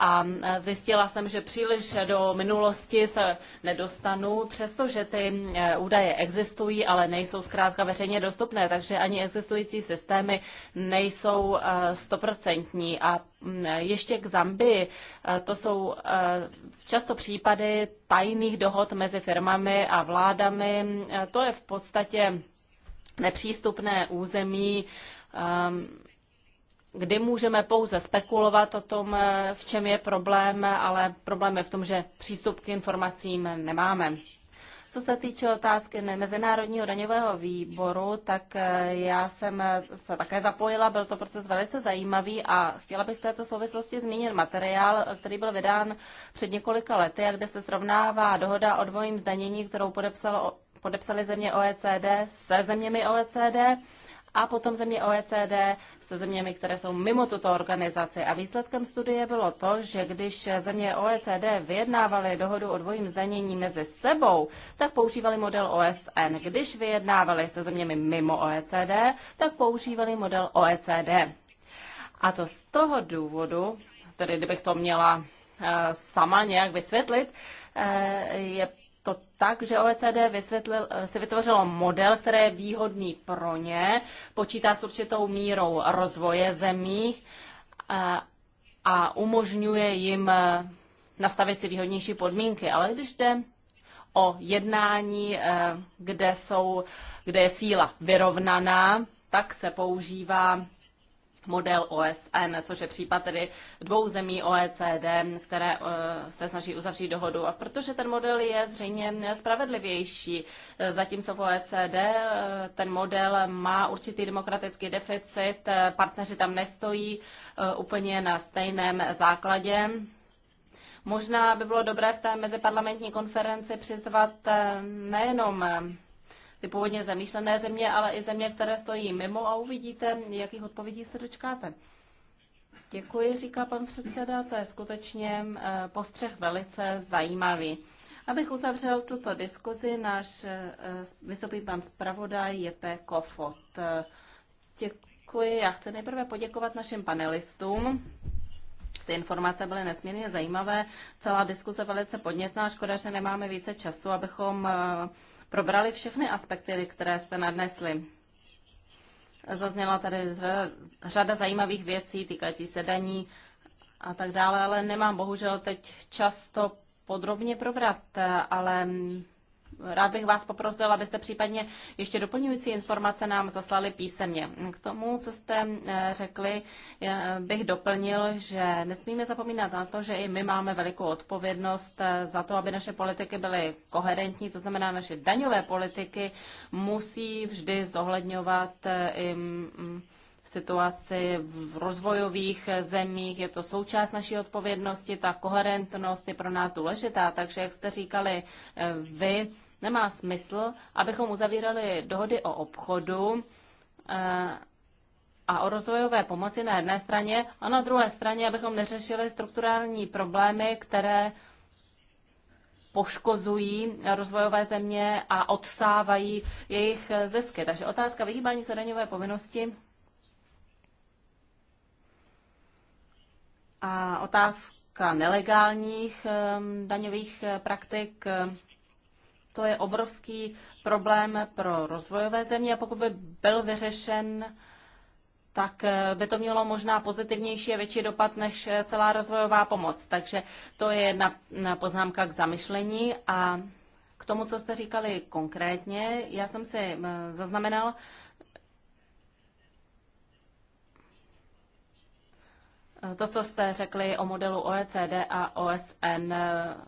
a zjistila jsem, že příliš do minulosti se nedostanu, přestože ty údaje existují, ale nejsou zkrátka veřejně dostupné, takže ani existující systémy nejsou eh, stoprocentní. A mm, ještě k Zambii, eh, to jsou eh, často případy tajných dohod mezi firmami a vládami. To je v podstatě nepřístupné území, um, kdy můžeme pouze spekulovat o tom, eh, v čem je problém, ale problém je v tom, že přístup k informacím nemáme. Co se týče otázky Mezinárodního daňového výboru, tak eh, já jsem eh, se také zapojila, byl to proces velice zajímavý a chtěla bych v této souvislosti zmínit materiál, který byl vydán před několika lety, kde se srovnává dohoda o dvojím zdanění, kterou podepsalo podepsaly země OECD se zeměmi OECD a potom země OECD se zeměmi, které jsou mimo tuto organizaci. A výsledkem studie bylo to, že když země OECD vyjednávaly dohodu o dvojím zdanění mezi sebou, tak používali model OSN. Když vyjednávali se zeměmi mimo OECD, tak používali model OECD. A to z toho důvodu, tedy kdybych to měla eh, sama nějak vysvětlit, eh, je to tak, že OECD se eh, si vytvořilo model, který je výhodný pro ně, počítá s určitou mírou rozvoje zemí a, eh, a umožňuje jim eh, nastavit si výhodnější podmínky. Ale když jde o jednání, kde, jsou, kde je síla vyrovnaná, tak se používá model OSN, což je případ tedy dvou zemí OECD, které eh, se snaží uzavřít dohodu. A protože ten model je zřejmě spravedlivější, eh, zatímco v OECD eh, ten model má určitý demokratický deficit, partneři tam nestojí úplně na stejném základě. Možná by bylo dobré v té meziparlamentní konferenci přizvat nejenom ty původně zamýšlené země, ale i země, které stojí mimo a uvidíte, jakých odpovědí se dočkáte. Děkuji, říká pan předseda, to je skutečně eh, postřeh velice zajímavý. Abych uzavřel tuto diskuzi, náš eh, vystoupí pan zpravodaj J.P. Kofot. Děkuji, já chci nejprve poděkovat našim panelistům. Ty informace byly nesmírně zajímavé, celá diskuze velice podnětná, škoda, že nemáme více času, abychom eh, probrali všechny aspekty, které jste nadnesli. Zazněla tady řada zajímavých věcí týkající se daní a tak dále, ale nemám bohužel teď často podrobně probrat, ale Rád bych vás poprosil, abyste případně ještě doplňující informace nám zaslali písemně. K tomu, co jste eh, řekli, eh, bych doplnil, že nesmíme zapomínat na to, že i my máme velikou odpovědnost eh, za to, aby naše politiky byly koherentní, to znamená naše daňové politiky musí vždy zohledňovat i mm, situaci v rozvojových zemích. Je to součást naší odpovědnosti, ta koherentnost je pro nás důležitá. Takže, jak jste říkali vy, Nemá smysl, abychom uzavírali dohody o obchodu eh, a o rozvojové pomoci na jedné straně a na druhé straně, abychom neřešili strukturální problémy, které poškozují rozvojové země a odsávají jejich zisky. Takže otázka vyhýbání se daňové povinnosti a otázka nelegálních eh, daňových praktik eh, to je obrovský problém pro rozvojové země a pokud by byl vyřešen, tak eh, by to mělo možná pozitivnější a větší dopad než eh, celá rozvojová pomoc. Takže to je jedna poznámka k zamyšlení a k tomu, co jste říkali konkrétně, já jsem si eh, zaznamenal To, co jste řekli o modelu OECD a OSN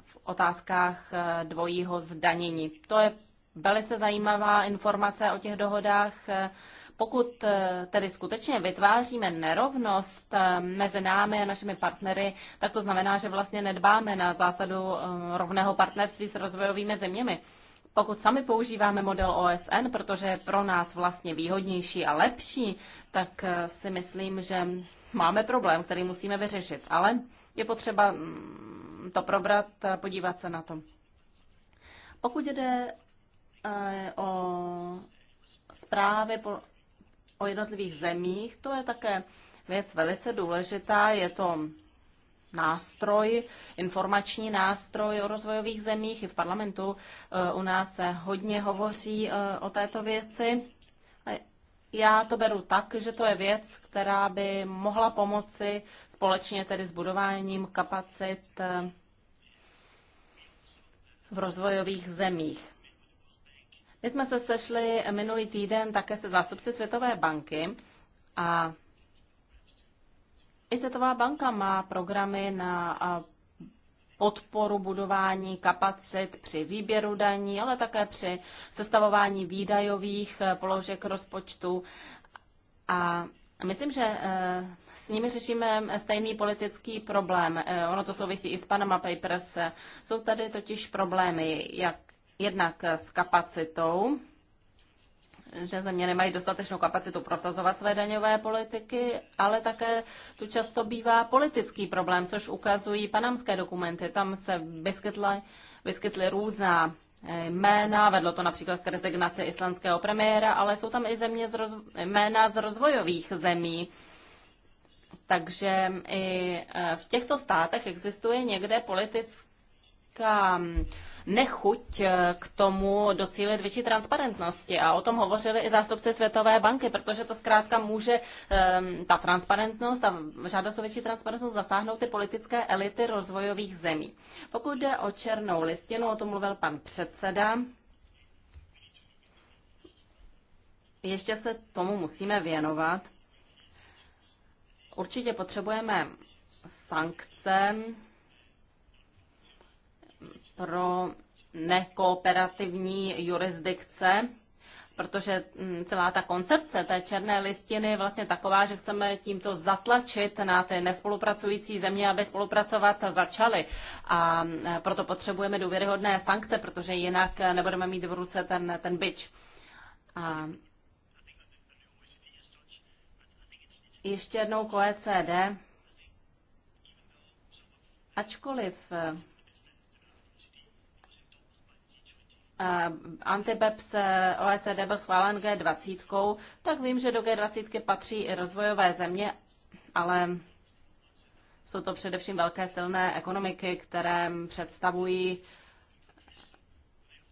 v otázkách eh, dvojího zdanění, to je velice zajímavá informace o těch dohodách. Pokud eh, tedy skutečně vytváříme nerovnost eh, mezi námi a našimi partnery, tak to znamená, že vlastně nedbáme na zásadu rovného partnerství s rozvojovými zeměmi. Pokud sami používáme model OSN, protože je pro nás vlastně výhodnější a lepší, tak si myslím, že máme problém, který musíme vyřešit, ale je potřeba mm, to probrat a podívat se na to. Pokud jde eh, o zprávy o jednotlivých zemích, to je také věc velice důležitá. Je to nástroj, informační nástroj o rozvojových zemích. I v parlamentu eh, u nás se hodně hovoří eh, o této věci. Já to beru tak, že to je věc, která by mohla pomoci společně tedy s budováním kapacit eh, v rozvojových zemích. My jsme se sešli minulý týden také se zástupci Světové banky a i Světová banka má programy na podporu budování kapacit při výběru daní, ale také při sestavování výdajových eh, položek rozpočtu. A myslím, že eh, s nimi řešíme eh, stejný politický problém. Ono to souvisí i s Panama Papers. Jsou tady totiž problémy, jak jednak s kapacitou že země nemají dostatečnou kapacitu prosazovat své daňové politiky, ale také tu často bývá politický problém, což ukazují panamské dokumenty. Tam se vyskytly, vyskytly různá eh, jména, vedlo to například k rezignaci islandského premiéra, ale jsou tam i země z roz, jména z rozvojových zemí. Takže i eh, v těchto státech existuje někde politická hm, nechuť eh, k tomu docílit větší transparentnosti. A o tom hovořili i zástupci Světové banky, protože to zkrátka může ehm, ta transparentnost, ta žádost o větší transparentnost zasáhnout ty politické elity rozvojových zemí. Pokud jde o černou listinu, o tom mluvil pan předseda, ještě se tomu musíme věnovat. Určitě potřebujeme sankce, pro nekooperativní jurisdikce, protože mm, celá ta koncepce té černé listiny je vlastně taková, že chceme tímto zatlačit na ty nespolupracující země, aby spolupracovat začaly. A e, proto potřebujeme důvěryhodné sankce, protože jinak e, nebudeme mít v ruce ten, ten byč. A ještě jednou k OECD. Ačkoliv e, Eh, Antibeps OECD byl schválen G20, tak vím, že do G20 patří i rozvojové země, ale jsou to především velké silné ekonomiky, které představují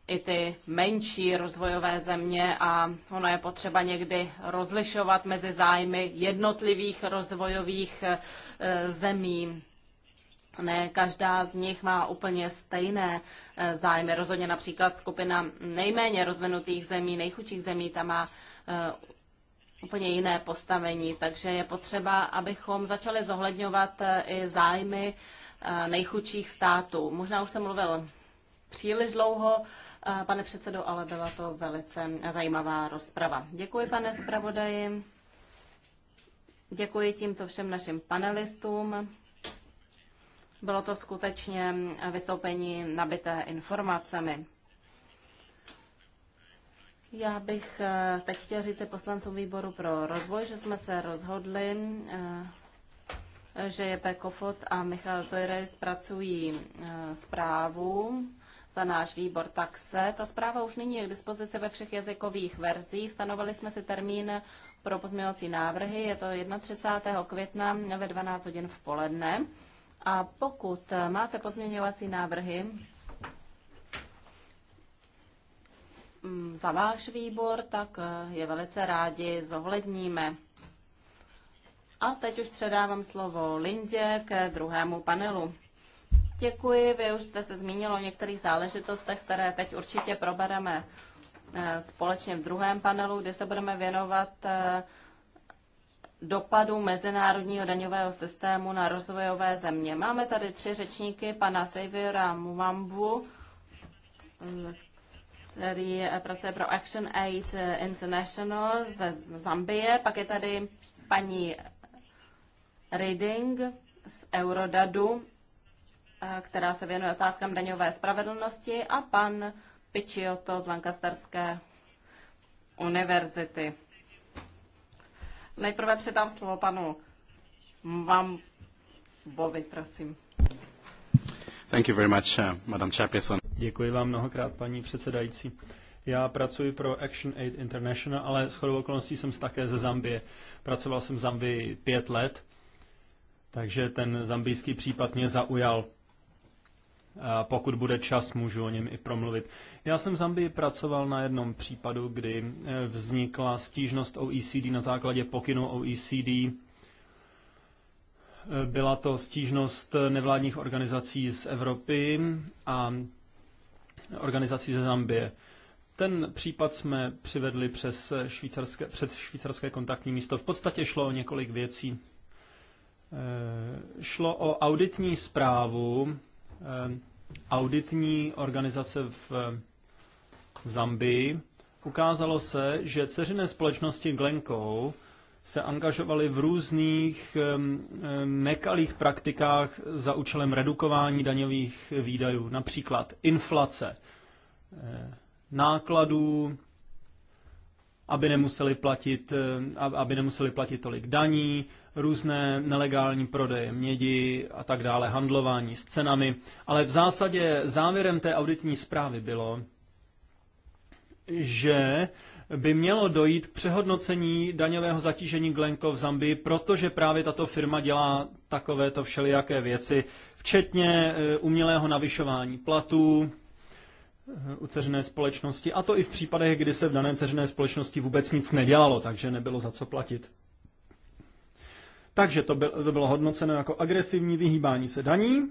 i ty menší rozvojové země a ono je potřeba někdy rozlišovat mezi zájmy jednotlivých rozvojových eh, zemí ne každá z nich má úplně stejné eh, zájmy. Rozhodně například skupina nejméně rozvinutých zemí, nejchudších zemí, ta má eh, úplně jiné postavení, takže je potřeba, abychom začali zohledňovat eh, i zájmy nejchudších států. Možná už jsem mluvil příliš dlouho, pane předsedo, ale byla to velice zajímavá rozprava. Děkuji, pane zpravodaji. Děkuji tímto všem našim panelistům. Bylo to skutečně vystoupení nabité informacemi. Já bych eh, teď chtěl říct poslancům výboru pro rozvoj, že jsme se rozhodli, eh, že je Pekofot a Michal Tojrej zpracují eh, zprávu za náš výbor taxe. Ta zpráva už nyní je k dispozici ve všech jazykových verzích. Stanovili jsme si termín pro pozměňovací návrhy. Je to 31. května ve 12 hodin v poledne. A pokud eh, máte pozměňovací návrhy mm, za váš výbor, tak eh, je velice rádi zohledníme. A teď už předávám slovo Lindě ke druhému panelu. Děkuji, vy už jste se zmínilo o některých záležitostech, které teď určitě probereme eh, společně v druhém panelu, kde se budeme věnovat Dopadu mezinárodního daňového systému na rozvojové země. Máme tady tři řečníky, pana Saviora Mwambu, který pracuje pro Action Aid International ze Zambie. Pak je tady paní Reading z Eurodadu, která se věnuje otázkám daňové spravedlnosti a pan Pichioto z Lancasterské univerzity. Nejprve předám slovo panu Vám Bovi, prosím. Thank you very much, uh, Madam Chairperson. Děkuji vám mnohokrát, paní předsedající. Já pracuji pro Action Aid International, ale s chodou okolností jsem také ze Zambie. Pracoval jsem v Zambii pět let, takže ten zambijský případ mě zaujal. Pokud bude čas, můžu o něm i promluvit. Já jsem v Zambii pracoval na jednom případu, kdy eh, vznikla stížnost OECD na základě pokynu OECD. Eh, byla to stížnost eh, nevládních organizací z Evropy a organizací ze Zambie. Ten případ jsme přivedli přes švýcarské, před švýcarské kontaktní místo. V podstatě šlo o několik věcí. E, šlo o auditní zprávu Ehm, auditní organizace v ehm, Zambii, ukázalo se, že ceřené společnosti Glencoe se angažovaly v různých ehm, nekalých praktikách za účelem redukování daňových výdajů, například inflace, nákladů, aby nemuseli platit, aby nemuseli platit tolik daní, různé nelegální prodeje mědi a tak dále, handlování s cenami. Ale v zásadě závěrem té auditní zprávy bylo, že by mělo dojít k přehodnocení daňového zatížení Glenko v Zambii, protože právě tato firma dělá takovéto všelijaké věci, včetně eh, umělého navyšování platů eh, u ceřené společnosti, a to i v případech, kdy se v dané ceřené společnosti vůbec nic nedělalo, takže nebylo za co platit. Takže to, by, to bylo hodnoceno jako agresivní vyhýbání se daní.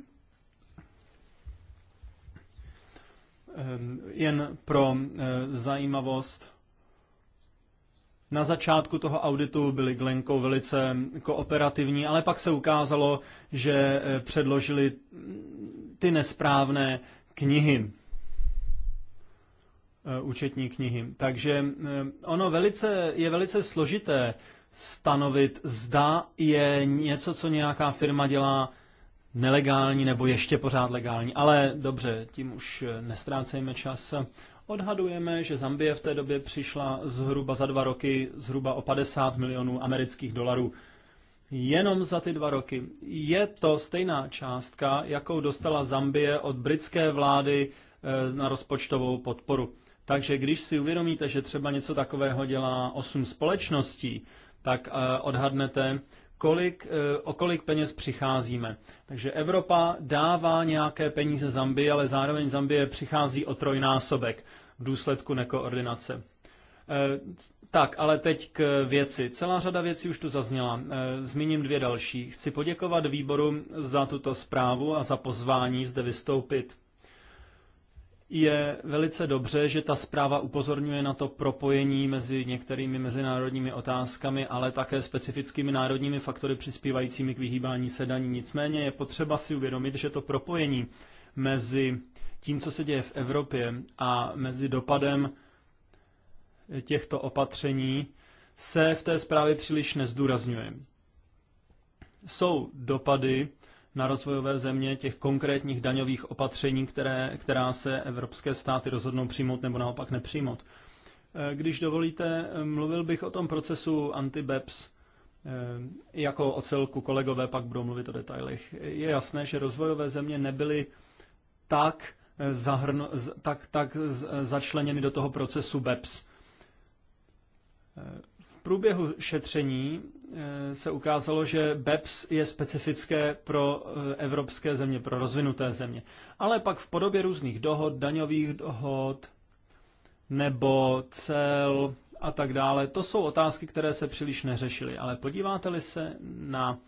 Ehm, jen pro eh, zajímavost, na začátku toho auditu byli Glenkou velice kooperativní, ale pak se ukázalo, že eh, předložili ty nesprávné knihy, eh, účetní knihy. Takže ono velice, je velice složité stanovit, zda je něco, co nějaká firma dělá nelegální nebo ještě pořád legální. Ale dobře, tím už nestrácejme čas. Odhadujeme, že Zambie v té době přišla zhruba za dva roky zhruba o 50 milionů amerických dolarů. Jenom za ty dva roky. Je to stejná částka, jakou dostala Zambie od britské vlády eh, na rozpočtovou podporu. Takže když si uvědomíte, že třeba něco takového dělá osm společností, tak eh, odhadnete, kolik, eh, o kolik peněz přicházíme. Takže Evropa dává nějaké peníze Zambii, ale zároveň Zambie přichází o trojnásobek v důsledku nekoordinace. Eh, tak, ale teď k věci. Celá řada věcí už tu zazněla. Zmíním dvě další. Chci poděkovat výboru za tuto zprávu a za pozvání zde vystoupit je velice dobře, že ta zpráva upozorňuje na to propojení mezi některými mezinárodními otázkami, ale také specifickými národními faktory přispívajícími k vyhýbání se daní. Nicméně je potřeba si uvědomit, že to propojení mezi tím, co se děje v Evropě a mezi dopadem těchto opatření se v té zprávě příliš nezdůrazňuje. Jsou dopady, na rozvojové země těch konkrétních daňových opatření, které, která se evropské státy rozhodnou přijmout nebo naopak nepřijmout. Eh, když dovolíte, mluvil bych o tom procesu anti-BEPS eh, jako o celku. Kolegové pak budou mluvit o detailech. Je jasné, že rozvojové země nebyly tak, eh, zahrno, tak, tak začleněny do toho procesu BEPS. V průběhu šetření Eh, se ukázalo, že BEPS je specifické pro eh, evropské země, pro rozvinuté země. Ale pak v podobě různých dohod, daňových dohod nebo cel a tak dále, to jsou otázky, které se příliš neřešily. Ale podíváte-li se na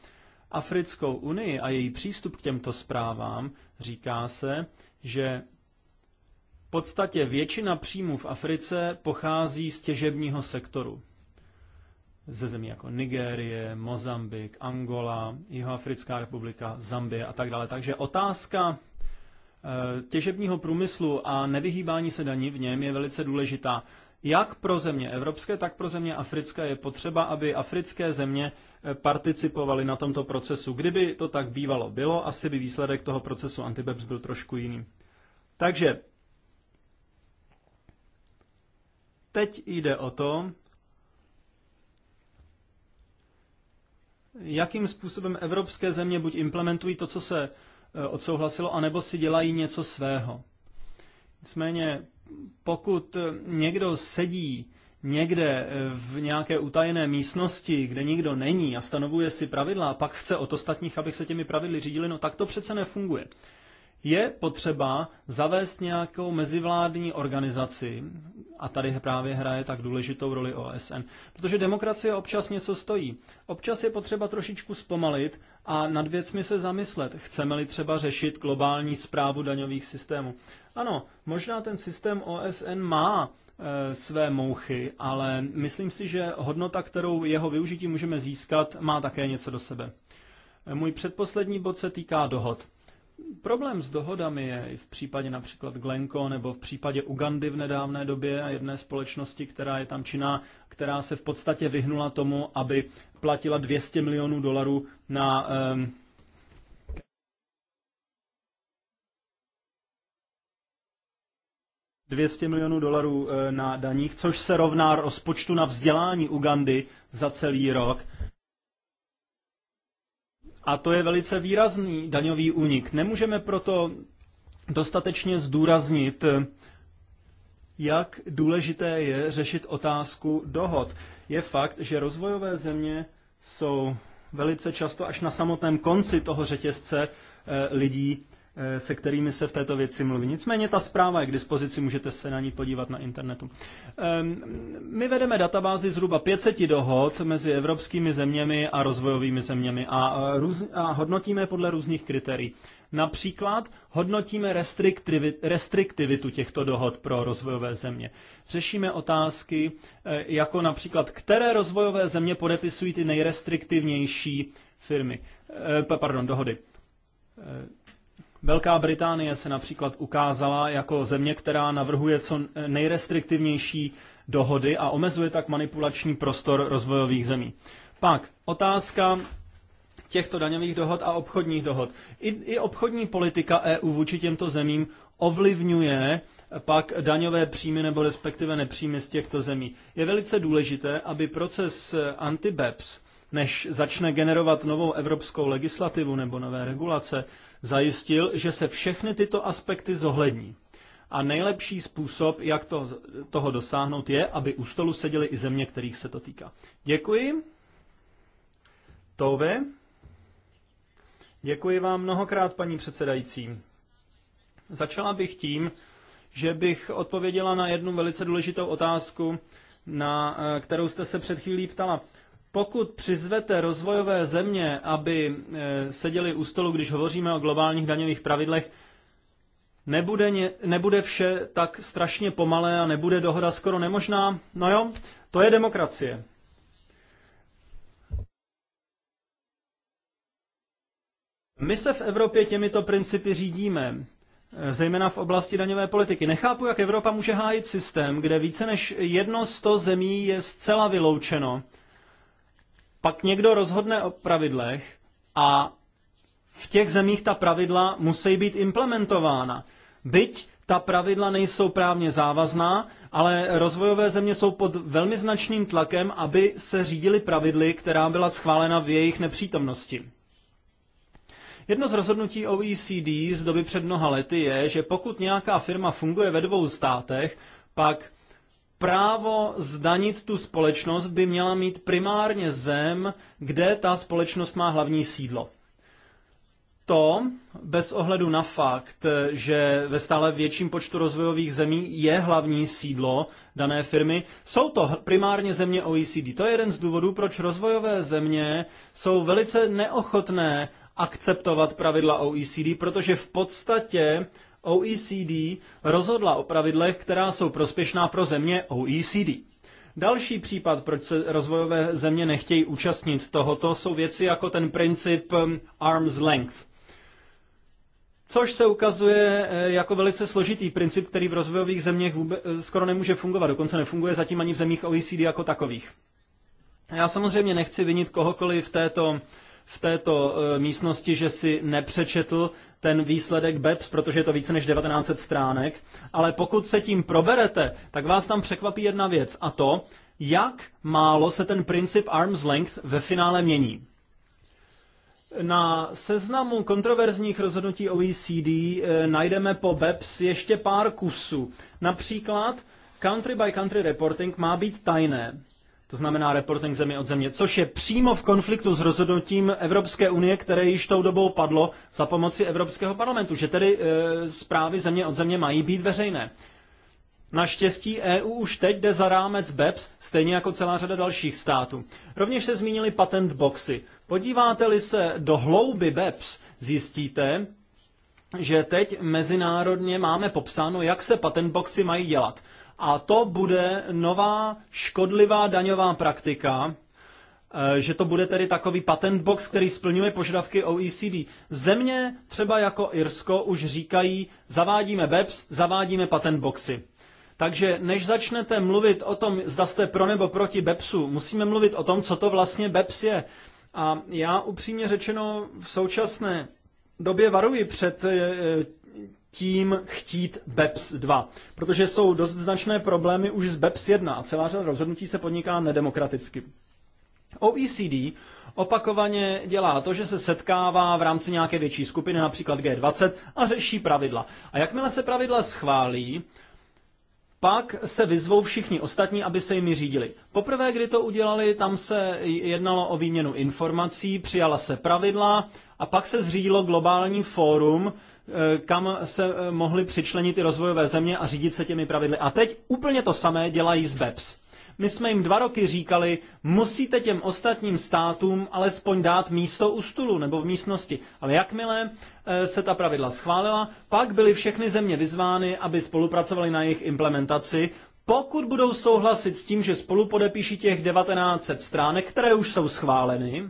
Africkou unii a její přístup k těmto zprávám, říká se, že v podstatě většina příjmů v Africe pochází z těžebního sektoru ze zemí jako Nigérie, Mozambik, Angola, Jihoafrická republika, Zambie a tak dále. Takže otázka eh, těžebního průmyslu a nevyhýbání se daní v něm je velice důležitá. Jak pro země evropské, tak pro země africké je potřeba, aby africké země eh, participovaly na tomto procesu. Kdyby to tak bývalo bylo, asi by výsledek toho procesu Antibeps byl trošku jiný. Takže teď jde o to, jakým způsobem evropské země buď implementují to, co se eh, odsouhlasilo, anebo si dělají něco svého. Nicméně, pokud eh, někdo sedí někde eh, v nějaké utajené místnosti, kde nikdo není a stanovuje si pravidla a pak chce od ostatních, aby se těmi pravidly řídili, no tak to přece nefunguje je potřeba zavést nějakou mezivládní organizaci, a tady právě hraje tak důležitou roli OSN, protože demokracie občas něco stojí. Občas je potřeba trošičku zpomalit a nad věcmi se zamyslet. Chceme-li třeba řešit globální zprávu daňových systémů? Ano, možná ten systém OSN má eh, své mouchy, ale myslím si, že hodnota, kterou jeho využití můžeme získat, má také něco do sebe. Eh, můj předposlední bod se týká dohod. Problém s dohodami je i v případě například Glenko nebo v případě Ugandy v nedávné době a jedné společnosti, která je tam činná, která se v podstatě vyhnula tomu, aby platila 200 milionů dolarů na um, ehm, ...200 milionů dolarů eh, na daních, což se rovná rozpočtu na vzdělání Ugandy za celý rok. A to je velice výrazný daňový únik. Nemůžeme proto dostatečně zdůraznit, jak důležité je řešit otázku dohod. Je fakt, že rozvojové země jsou velice často až na samotném konci toho řetězce eh, lidí, Eh, se kterými se v této věci mluví. Nicméně ta zpráva je k dispozici, můžete se na ní podívat na internetu. Ehm, my vedeme databázi zhruba 500 dohod mezi evropskými zeměmi a rozvojovými zeměmi a, eh, růz, a hodnotíme podle různých kritérií. Například hodnotíme restriktivitu těchto dohod pro rozvojové země. Řešíme otázky, eh, jako například, které rozvojové země podepisují ty nejrestriktivnější firmy, pardon, dohody Velká Británie se například ukázala jako země, která navrhuje co nejrestriktivnější dohody a omezuje tak manipulační prostor rozvojových zemí. Pak otázka těchto daňových dohod a obchodních dohod. I, i obchodní politika EU vůči těmto zemím ovlivňuje pak daňové příjmy nebo respektive nepříjmy z těchto zemí. Je velice důležité, aby proces anti-BEPS než začne generovat novou evropskou legislativu nebo nové regulace, zajistil, že se všechny tyto aspekty zohlední. A nejlepší způsob, jak to, toho dosáhnout, je, aby u stolu seděly i země, kterých se to týká. Děkuji. Tove. Děkuji vám mnohokrát, paní předsedající. Začala bych tím, že bych odpověděla na jednu velice důležitou otázku, na eh, kterou jste se před chvílí ptala. Pokud přizvete rozvojové země, aby e, seděli u stolu, když hovoříme o globálních daňových pravidlech, nebude, ně, nebude vše tak strašně pomalé a nebude dohoda skoro nemožná. No jo, to je demokracie. My se v Evropě těmito principy řídíme, e, zejména v oblasti daňové politiky. Nechápu, jak Evropa může hájit systém, kde více než jedno sto zemí je zcela vyloučeno pak někdo rozhodne o pravidlech a v těch zemích ta pravidla musí být implementována. Byť ta pravidla nejsou právně závazná, ale rozvojové země jsou pod velmi značným tlakem, aby se řídili pravidly, která byla schválena v jejich nepřítomnosti. Jedno z rozhodnutí OECD z doby před mnoha lety je, že pokud nějaká firma funguje ve dvou státech, pak právo zdanit tu společnost by měla mít primárně zem, kde ta společnost má hlavní sídlo. To, bez ohledu na fakt, že ve stále větším počtu rozvojových zemí je hlavní sídlo dané firmy, jsou to primárně země OECD. To je jeden z důvodů, proč rozvojové země jsou velice neochotné akceptovat pravidla OECD, protože v podstatě OECD rozhodla o pravidlech, která jsou prospěšná pro země OECD. Další případ, proč se rozvojové země nechtějí účastnit tohoto, jsou věci jako ten princip um, arm's length. Což se ukazuje eh, jako velice složitý princip, který v rozvojových zeměch vůbec, eh, skoro nemůže fungovat. Dokonce nefunguje zatím ani v zemích OECD jako takových. Já samozřejmě nechci vinit kohokoliv v této, v této eh, místnosti, že si nepřečetl ten výsledek BEPS, protože je to více než 1900 stránek, ale pokud se tím proberete, tak vás tam překvapí jedna věc a to, jak málo se ten princip arm's length ve finále mění. Na seznamu kontroverzních rozhodnutí OECD eh, najdeme po BEPS ještě pár kusů. Například country by country reporting má být tajné to znamená reporting zemi od země, což je přímo v konfliktu s rozhodnutím Evropské unie, které již tou dobou padlo za pomoci Evropského parlamentu, že tedy e, zprávy země od země mají být veřejné. Naštěstí EU už teď jde za rámec BEPS, stejně jako celá řada dalších států. Rovněž se zmínili patent boxy. Podíváte-li se do hlouby BEPS, zjistíte, že teď mezinárodně máme popsáno, jak se patent boxy mají dělat. A to bude nová škodlivá daňová praktika, eh, že to bude tedy takový patent box, který splňuje požadavky OECD. Země třeba jako Irsko už říkají, zavádíme BEPS, zavádíme patent boxy. Takže než začnete mluvit o tom, zda jste pro nebo proti BEPSu, musíme mluvit o tom, co to vlastně BEPS je. A já upřímně řečeno v současné době varuji před eh, tím chtít BEPS 2, protože jsou dost značné problémy už z BEPS 1 a celá řada rozhodnutí se podniká nedemokraticky. OECD opakovaně dělá to, že se setkává v rámci nějaké větší skupiny, například G20, a řeší pravidla. A jakmile se pravidla schválí, pak se vyzvou všichni ostatní, aby se jimi řídili. Poprvé, kdy to udělali, tam se jednalo o výměnu informací, přijala se pravidla a pak se zřídilo globální fórum, Eh, kam se eh, mohly přičlenit i rozvojové země a řídit se těmi pravidly. A teď úplně to samé dělají z BEPS. My jsme jim dva roky říkali, musíte těm ostatním státům alespoň dát místo u stolu nebo v místnosti. Ale jakmile eh, se ta pravidla schválila, pak byly všechny země vyzvány, aby spolupracovali na jejich implementaci, pokud budou souhlasit s tím, že spolu podepíší těch 1900 stránek, které už jsou schváleny,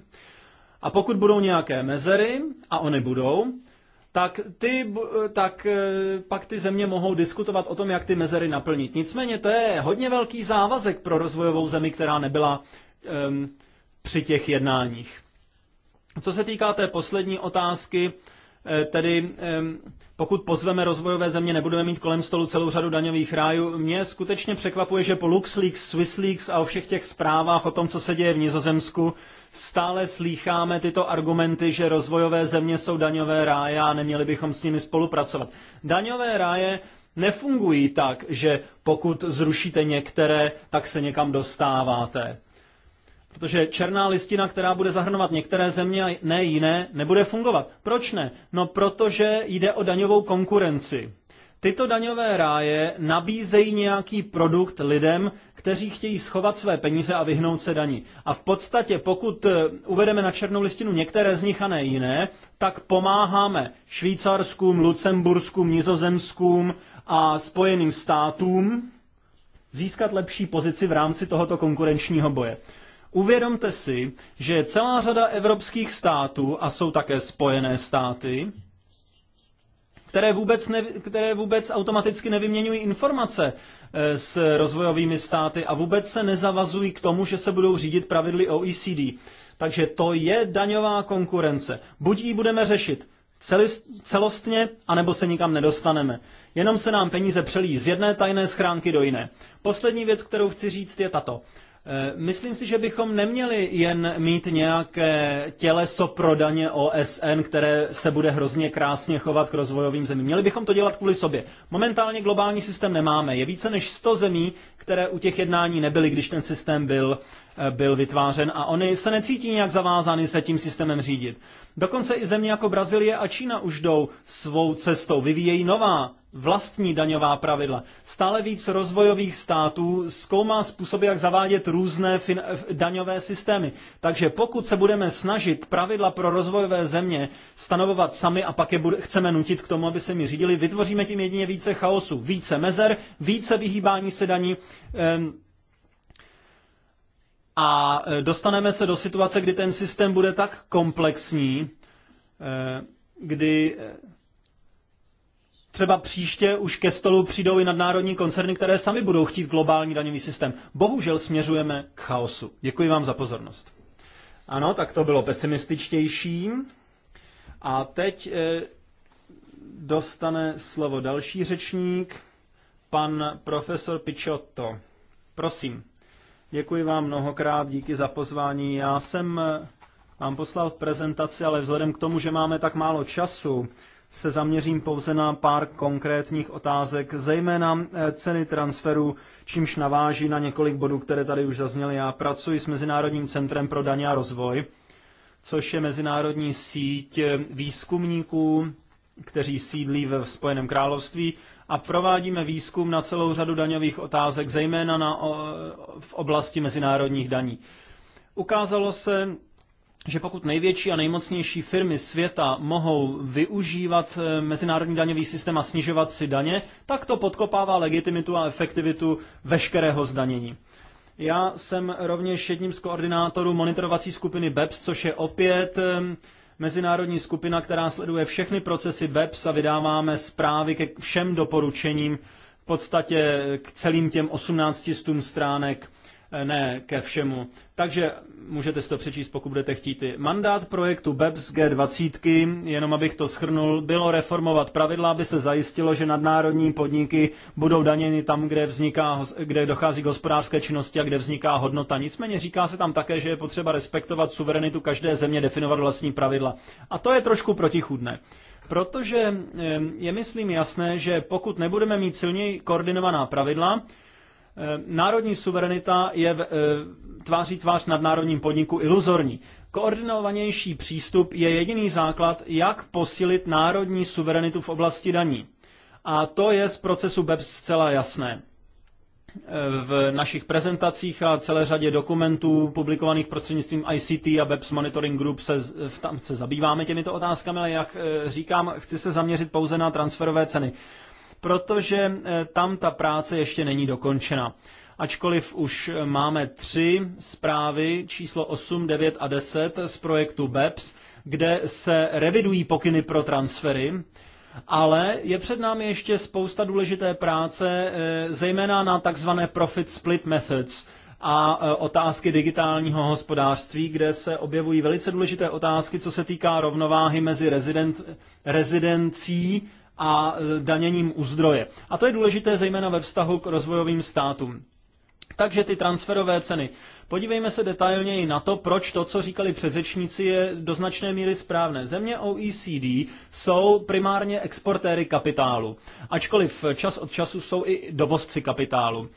a pokud budou nějaké mezery, a oni budou, tak, ty, tak e, pak ty země mohou diskutovat o tom, jak ty mezery naplnit. Nicméně to je hodně velký závazek pro rozvojovou zemi, která nebyla um, při těch jednáních. Co se týká té poslední otázky, e, tedy pokud pozveme rozvojové země, nebudeme mít kolem stolu celou řadu daňových rájů. Mě skutečně překvapuje, že po LuxLeaks, SwissLeaks a o všech těch zprávách o tom, co se děje v Nizozemsku, Stále slýcháme tyto argumenty, že rozvojové země jsou daňové ráje a neměli bychom s nimi spolupracovat. Daňové ráje nefungují tak, že pokud zrušíte některé, tak se někam dostáváte. Protože černá listina, která bude zahrnovat některé země a ne jiné, nebude fungovat. Proč ne? No protože jde o daňovou konkurenci. Tyto daňové ráje nabízejí nějaký produkt lidem, kteří chtějí schovat své peníze a vyhnout se daní. A v podstatě, pokud eh, uvedeme na černou listinu některé z nich a ne jiné, tak pomáháme Švýcarskům, Lucemburskům, Nizozemskům a Spojeným státům získat lepší pozici v rámci tohoto konkurenčního boje. Uvědomte si, že celá řada evropských států, a jsou také spojené státy, které vůbec, ne, které vůbec automaticky nevyměňují informace eh, s rozvojovými státy a vůbec se nezavazují k tomu, že se budou řídit pravidly OECD. Takže to je daňová konkurence. Buď ji budeme řešit celostně, anebo se nikam nedostaneme. Jenom se nám peníze přelí z jedné tajné schránky do jiné. Poslední věc, kterou chci říct, je tato. Eh, myslím si, že bychom neměli jen mít nějaké těleso daně OSN, které se bude hrozně krásně chovat k rozvojovým zemím. Měli bychom to dělat kvůli sobě. Momentálně globální systém nemáme. Je více než 100 zemí, které u těch jednání nebyly, když ten systém byl, eh, byl vytvářen a oni se necítí nějak zavázány se tím systémem řídit. Dokonce i země jako Brazílie a Čína už jdou svou cestou, vyvíjejí nová vlastní daňová pravidla. Stále víc rozvojových států zkoumá způsoby, jak zavádět různé eh, daňové systémy. Takže pokud se budeme snažit pravidla pro rozvojové země stanovovat sami a pak je bude, chceme nutit k tomu, aby se mi řídili, vytvoříme tím jedině více chaosu, více mezer, více vyhýbání se daní. Ehm, a eh, dostaneme se do situace, kdy ten systém bude tak komplexní, eh, kdy Třeba příště už ke stolu přijdou i nadnárodní koncerny, které sami budou chtít globální daňový systém. Bohužel směřujeme k chaosu. Děkuji vám za pozornost. Ano, tak to bylo pesimističtější. A teď eh, dostane slovo další řečník, pan profesor Pichotto. Prosím. Děkuji vám mnohokrát, díky za pozvání. Já jsem eh, vám poslal prezentaci, ale vzhledem k tomu, že máme tak málo času, se zaměřím pouze na pár konkrétních otázek, zejména eh, ceny transferu, čímž naváží na několik bodů, které tady už zazněly. Já pracuji s Mezinárodním centrem pro daně a rozvoj, což je mezinárodní síť eh, výzkumníků, kteří sídlí ve Spojeném království a provádíme výzkum na celou řadu daňových otázek, zejména na, v oblasti mezinárodních daní. Ukázalo se, že pokud největší a nejmocnější firmy světa mohou využívat eh, mezinárodní daňový systém a snižovat si daně, tak to podkopává legitimitu a efektivitu veškerého zdanění. Já jsem rovněž jedním z koordinátorů monitorovací skupiny BEPS, což je opět eh, mezinárodní skupina, která sleduje všechny procesy BEPS a vydáváme zprávy ke všem doporučením, v podstatě k celým těm 18 stům stránek Eh, ne ke všemu. Takže můžete si to přečíst, pokud budete chtít. Mandát projektu BEPS G20, jenom abych to schrnul, bylo reformovat pravidla, aby se zajistilo, že nadnárodní podniky budou daněny tam, kde, vzniká, kde dochází k hospodářské činnosti a kde vzniká hodnota. Nicméně říká se tam také, že je potřeba respektovat suverenitu každé země, definovat vlastní pravidla. A to je trošku protichudné, Protože eh, je, myslím, jasné, že pokud nebudeme mít silněji koordinovaná pravidla, Eh, národní suverenita je v, eh, tváří tvář nad národním podniku iluzorní. Koordinovanější přístup je jediný základ, jak posílit národní suverenitu v oblasti daní. A to je z procesu BEPS zcela jasné. Eh, v našich prezentacích a celé řadě dokumentů publikovaných prostřednictvím ICT a BEPS Monitoring Group se, tam se zabýváme těmito otázkami, ale jak říkám, chci se zaměřit pouze na transferové ceny protože eh, tam ta práce ještě není dokončena. Ačkoliv už eh, máme tři zprávy číslo 8, 9 a 10 z projektu BEPS, kde se revidují pokyny pro transfery, ale je před námi ještě spousta důležité práce, eh, zejména na takzvané profit split methods a otázky digitálního hospodářství, kde se objevují velice důležité otázky, co se týká rovnováhy mezi rezident, rezidencí a e, daněním u zdroje. A to je důležité zejména ve vztahu k rozvojovým státům. Takže ty transferové ceny. Podívejme se detailněji na to, proč to, co říkali předřečníci, je do značné míry správné. Země OECD jsou primárně exportéry kapitálu, ačkoliv čas od času jsou i dovozci kapitálu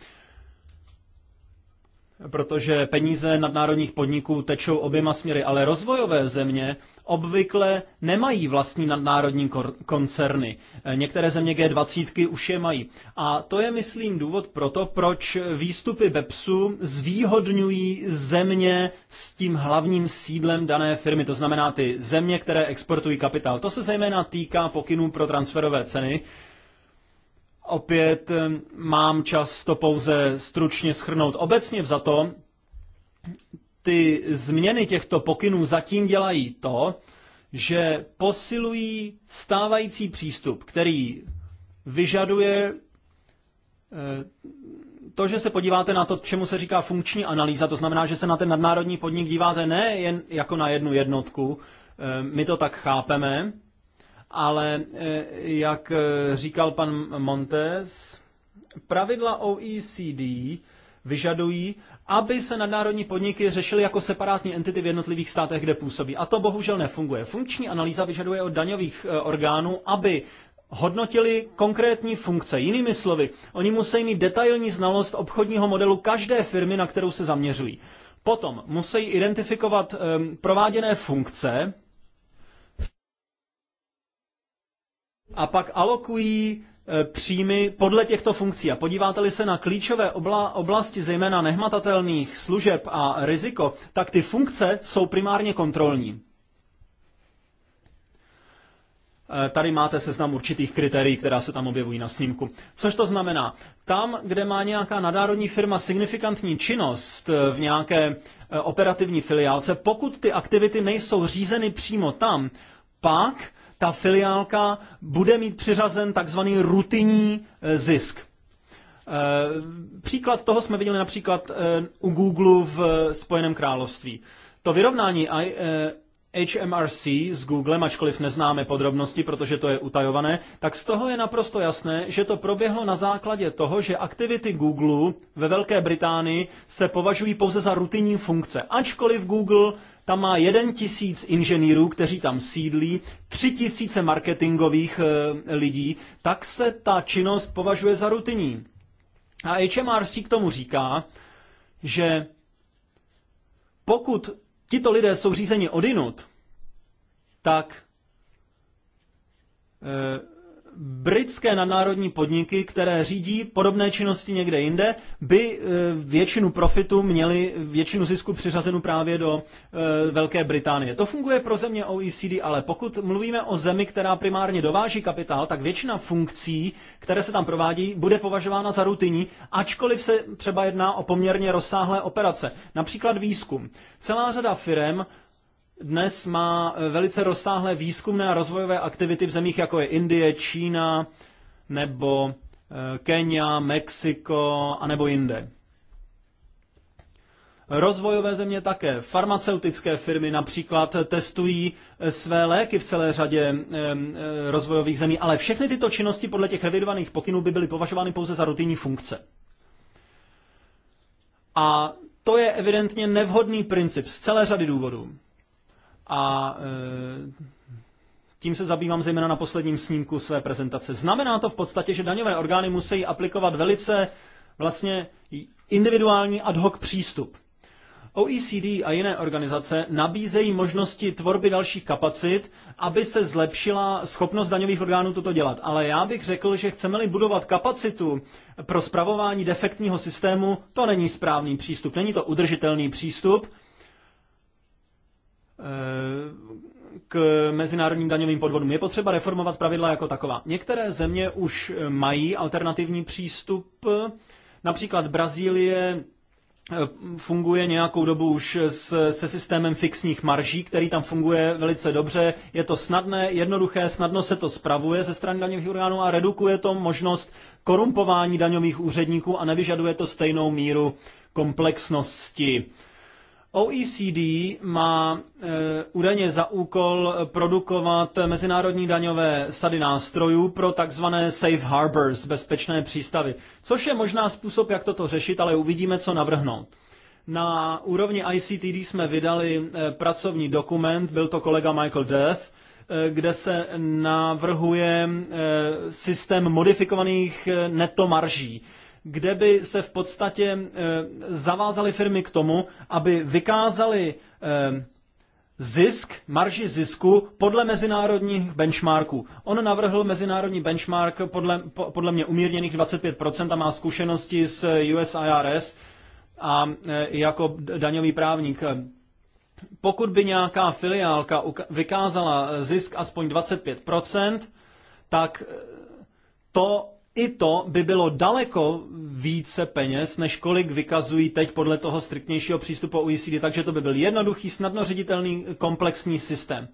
protože peníze nadnárodních podniků tečou oběma směry, ale rozvojové země obvykle nemají vlastní nadnárodní koncerny. E, některé země G20 už je mají. A to je, myslím, důvod pro to, proč výstupy BEPSu zvýhodňují země s tím hlavním sídlem dané firmy, to znamená ty země, které exportují kapitál. To se zejména týká pokynů pro transferové ceny, Opět eh, mám čas to pouze stručně schrnout. Obecně to, ty změny těchto pokynů zatím dělají to, že posilují stávající přístup, který vyžaduje eh, to, že se podíváte na to, čemu se říká funkční analýza, to znamená, že se na ten nadnárodní podnik díváte ne jen jako na jednu jednotku, eh, my to tak chápeme, ale eh, jak eh, říkal pan Montes, pravidla OECD vyžadují, aby se nadnárodní podniky řešily jako separátní entity v jednotlivých státech, kde působí. A to bohužel nefunguje. Funkční analýza vyžaduje od daňových eh, orgánů, aby hodnotili konkrétní funkce. Jinými slovy, oni musí mít detailní znalost obchodního modelu každé firmy, na kterou se zaměřují. Potom musí identifikovat um, prováděné funkce, a pak alokují e, příjmy podle těchto funkcí. A podíváte-li se na klíčové obla, oblasti, zejména nehmatatelných služeb a riziko, tak ty funkce jsou primárně kontrolní. E, tady máte seznam určitých kritérií, která se tam objevují na snímku. Což to znamená? Tam, kde má nějaká nadárodní firma signifikantní činnost e, v nějaké operativní filiálce, pokud ty aktivity nejsou řízeny přímo tam, pak ta filiálka bude mít přiřazen takzvaný rutinní eh, zisk. Eh, příklad toho jsme viděli například eh, u Google v Spojeném království. To vyrovnání HMRC s Googlem, ačkoliv neznáme podrobnosti, protože to je utajované, tak z toho je naprosto jasné, že to proběhlo na základě toho, že aktivity Google ve Velké Británii se považují pouze za rutinní funkce. Ačkoliv Google tam má jeden tisíc inženýrů, kteří tam sídlí, tři tisíce marketingových eh, lidí, tak se ta činnost považuje za rutinní. A HMRC k tomu říká, že pokud tito lidé jsou řízeni odinut, tak eh, britské nadnárodní podniky, které řídí podobné činnosti někde jinde, by eh, většinu profitu měly, většinu zisku přiřazenu právě do eh, Velké Británie. To funguje pro země OECD, ale pokud mluvíme o zemi, která primárně dováží kapitál, tak většina funkcí, které se tam provádí, bude považována za rutinní, ačkoliv se třeba jedná o poměrně rozsáhlé operace, například výzkum. Celá řada firm dnes má eh, velice rozsáhlé výzkumné a rozvojové aktivity v zemích, jako je Indie, Čína nebo eh, Kenia, Mexiko a nebo jinde. Rozvojové země také. Farmaceutické firmy například testují eh, své léky v celé řadě rozvojových zemí, ale všechny tyto činnosti podle těch revidovaných pokynů by byly považovány pouze za rutinní funkce. A to je evidentně nevhodný princip z celé řady důvodů a e, tím se zabývám zejména na posledním snímku své prezentace. Znamená to v podstatě, že daňové orgány musí aplikovat velice vlastně individuální ad hoc přístup. OECD a jiné organizace nabízejí možnosti tvorby dalších kapacit, aby se zlepšila schopnost daňových orgánů toto dělat. Ale já bych řekl, že chceme-li budovat kapacitu pro spravování defektního systému, to není správný přístup. Není to udržitelný přístup k mezinárodním daňovým podvodům. Je potřeba reformovat pravidla jako taková. Některé země už mají alternativní přístup, například Brazílie eh, funguje nějakou dobu už s, se systémem fixních marží, který tam funguje velice dobře. Je to snadné, jednoduché, snadno se to spravuje ze strany daňových orgánů a redukuje to možnost korumpování daňových úředníků a nevyžaduje to stejnou míru komplexnosti OECD má e, údajně za úkol produkovat mezinárodní daňové sady nástrojů pro takzvané safe harbors, bezpečné přístavy, což je možná způsob, jak toto řešit, ale uvidíme, co navrhnout. Na úrovni ICTD jsme vydali e, pracovní dokument, byl to kolega Michael Death, e, kde se navrhuje e, systém modifikovaných netomarží kde by se v podstatě eh, zavázaly firmy k tomu, aby vykázaly eh, zisk, marži zisku podle mezinárodních benchmarků. On navrhl mezinárodní benchmark podle, podle mě umírněných 25% a má zkušenosti s USIRS a eh, jako daňový právník. Pokud by nějaká filiálka vykázala zisk aspoň 25%, tak to i to by bylo daleko více peněz, než kolik vykazují teď podle toho striktnějšího přístupu OECD, takže to by byl jednoduchý, snadno ředitelný, komplexní systém.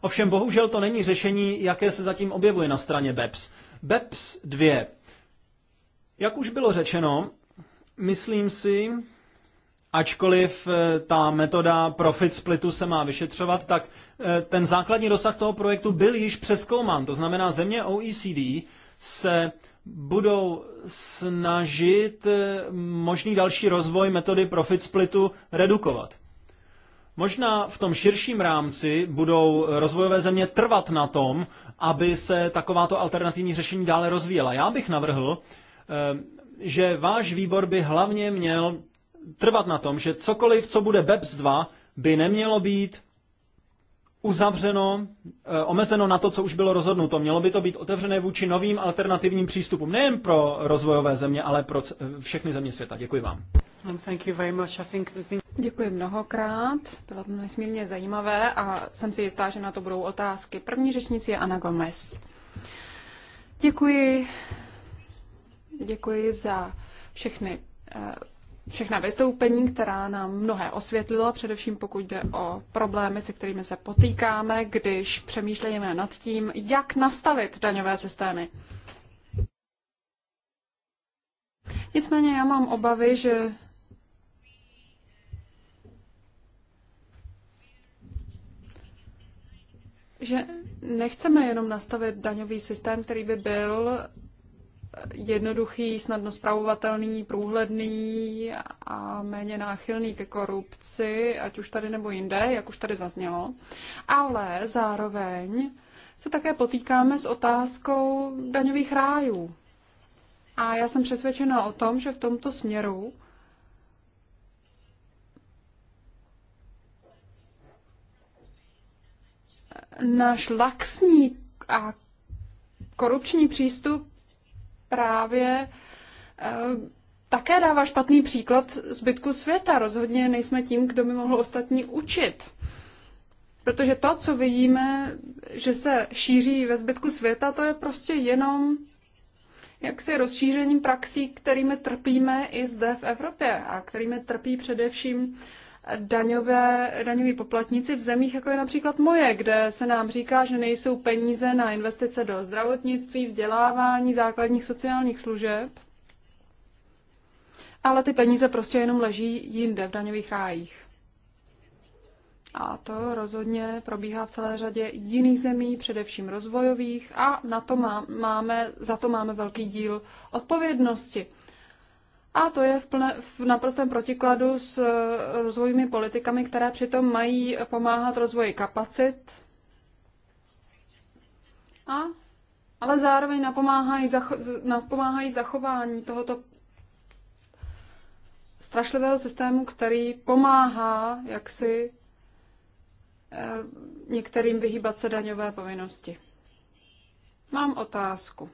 Ovšem bohužel to není řešení, jaké se zatím objevuje na straně BEPS. BEPS 2. Jak už bylo řečeno, myslím si, ačkoliv eh, ta metoda profit splitu se má vyšetřovat, tak eh, ten základní rozsah toho projektu byl již přeskoumán. To znamená, země OECD se budou snažit eh, možný další rozvoj metody profit splitu redukovat. Možná v tom širším rámci budou rozvojové země trvat na tom, aby se takováto alternativní řešení dále rozvíjela. Já bych navrhl, eh, že váš výbor by hlavně měl trvat na tom, že cokoliv, co bude BEPS 2, by nemělo být uzavřeno, eh, omezeno na to, co už bylo rozhodnuto. Mělo by to být otevřené vůči novým alternativním přístupům, nejen pro rozvojové země, ale pro všechny země světa. Děkuji vám. Děkuji mnohokrát, bylo to nesmírně zajímavé a jsem si jistá, že na to budou otázky. První řečnici je Ana Gomez. Děkuji, děkuji za všechny eh, všechna vystoupení, která nám mnohé osvětlila, především pokud jde o problémy, se kterými se potýkáme, když přemýšlíme nad tím, jak nastavit daňové systémy. Nicméně já mám obavy, že že nechceme jenom nastavit daňový systém, který by byl jednoduchý, snadno zpravovatelný, průhledný a méně náchylný ke korupci, ať už tady nebo jinde, jak už tady zaznělo. Ale zároveň se také potýkáme s otázkou daňových rájů. A já jsem přesvědčena o tom, že v tomto směru náš laxní a korupční přístup právě eh, také dává špatný příklad zbytku světa. Rozhodně nejsme tím, kdo by mohl ostatní učit. Protože to, co vidíme, že se šíří ve zbytku světa, to je prostě jenom jaksi rozšířením praxí, kterými trpíme i zde v Evropě a kterými trpí především daňové, daňoví poplatníci v zemích, jako je například moje, kde se nám říká, že nejsou peníze na investice do zdravotnictví, vzdělávání, základních sociálních služeb, ale ty peníze prostě jenom leží jinde v daňových rájích. A to rozhodně probíhá v celé řadě jiných zemí, především rozvojových, a na to máme, za to máme velký díl odpovědnosti. A to je v, plne, v naprostém protikladu s e, rozvojovými politikami, které přitom mají pomáhat rozvoji kapacit, a, ale zároveň napomáhají, zacho, napomáhají zachování tohoto strašlivého systému, který pomáhá jaksi e, některým vyhýbat se daňové povinnosti. Mám otázku.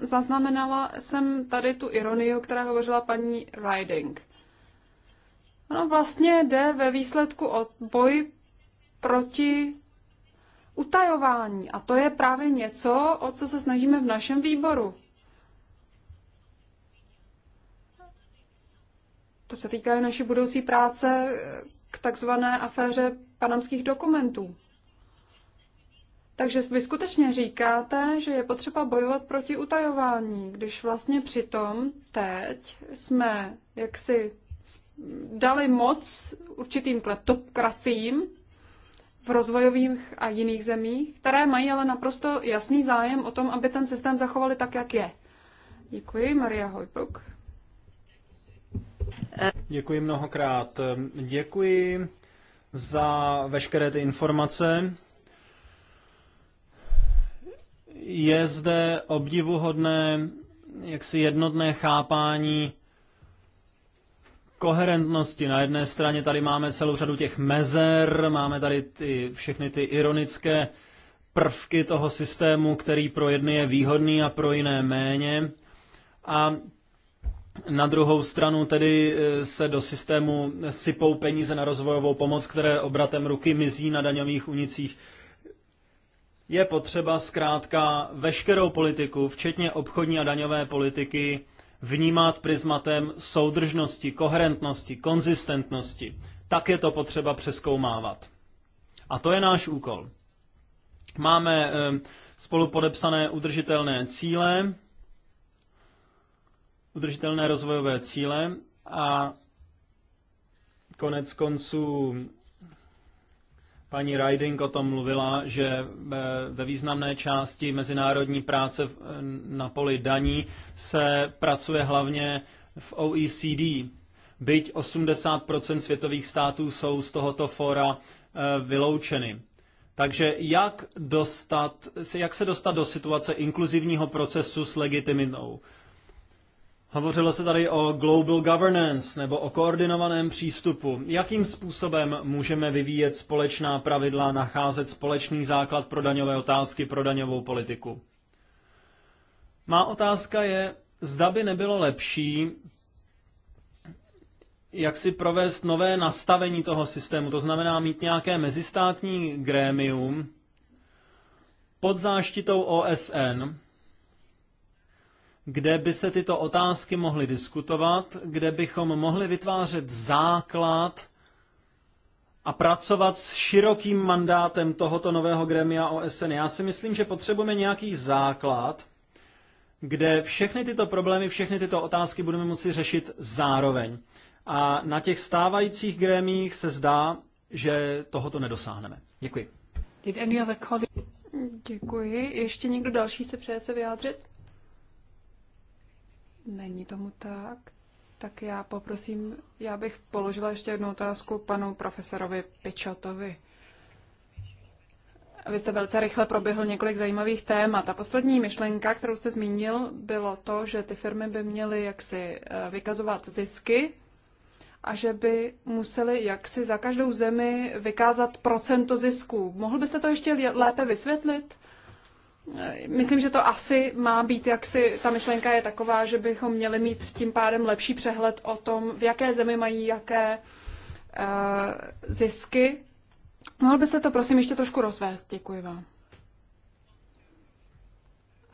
Zaznamenala jsem tady tu ironii, o které hovořila paní Riding. Ono vlastně jde ve výsledku o boj proti utajování. A to je právě něco, o co se snažíme v našem výboru. To se týká i naší budoucí práce k takzvané aféře panamských dokumentů. Takže vy skutečně říkáte, že je potřeba bojovat proti utajování, když vlastně přitom teď jsme jaksi dali moc určitým kleptokracím v rozvojových a jiných zemích, které mají ale naprosto jasný zájem o tom, aby ten systém zachovali tak, jak je. Děkuji, Maria Hojpuk. Děkuji mnohokrát. Děkuji za veškeré ty informace je zde obdivuhodné jaksi jednotné chápání koherentnosti. Na jedné straně tady máme celou řadu těch mezer, máme tady ty, všechny ty ironické prvky toho systému, který pro jedny je výhodný a pro jiné méně. A na druhou stranu tedy eh, se do systému sypou peníze na rozvojovou pomoc, které obratem ruky mizí na daňových unicích je potřeba zkrátka veškerou politiku, včetně obchodní a daňové politiky, vnímat prismatem soudržnosti, koherentnosti, konzistentnosti. Tak je to potřeba přeskoumávat. A to je náš úkol. Máme eh, spolu podepsané udržitelné cíle, udržitelné rozvojové cíle a konec konců Paní Riding o tom mluvila, že eh, ve významné části mezinárodní práce eh, na poli daní se pracuje hlavně v OECD. Byť 80% světových států jsou z tohoto fora eh, vyloučeny. Takže jak, dostat, jak se dostat do situace inkluzivního procesu s legitimitou? Hovořilo se tady o global governance nebo o koordinovaném přístupu. Jakým způsobem můžeme vyvíjet společná pravidla, nacházet společný základ pro daňové otázky, pro daňovou politiku? Má otázka je, zda by nebylo lepší jak si provést nové nastavení toho systému, to znamená mít nějaké mezistátní grémium pod záštitou OSN, kde by se tyto otázky mohly diskutovat, kde bychom mohli vytvářet základ a pracovat s širokým mandátem tohoto nového gremia OSN. Já si myslím, že potřebujeme nějaký základ, kde všechny tyto problémy, všechny tyto otázky budeme moci řešit zároveň. A na těch stávajících grémích se zdá, že tohoto nedosáhneme. Děkuji. Did any other Děkuji. Ještě někdo další se přeje se vyjádřit? Není tomu tak. Tak já poprosím, já bych položila ještě jednu otázku panu profesorovi Pičotovi. Vy jste velice rychle proběhl několik zajímavých témat. A poslední myšlenka, kterou jste zmínil, bylo to, že ty firmy by měly jaksi eh, vykazovat zisky a že by museli jaksi za každou zemi vykázat procento zisků. Mohl byste to ještě lépe vysvětlit? Myslím, že to asi má být, jak si ta myšlenka je taková, že bychom měli mít tím pádem lepší přehled o tom, v jaké zemi mají jaké uh, zisky. Mohl byste to prosím ještě trošku rozvést? Děkuji vám.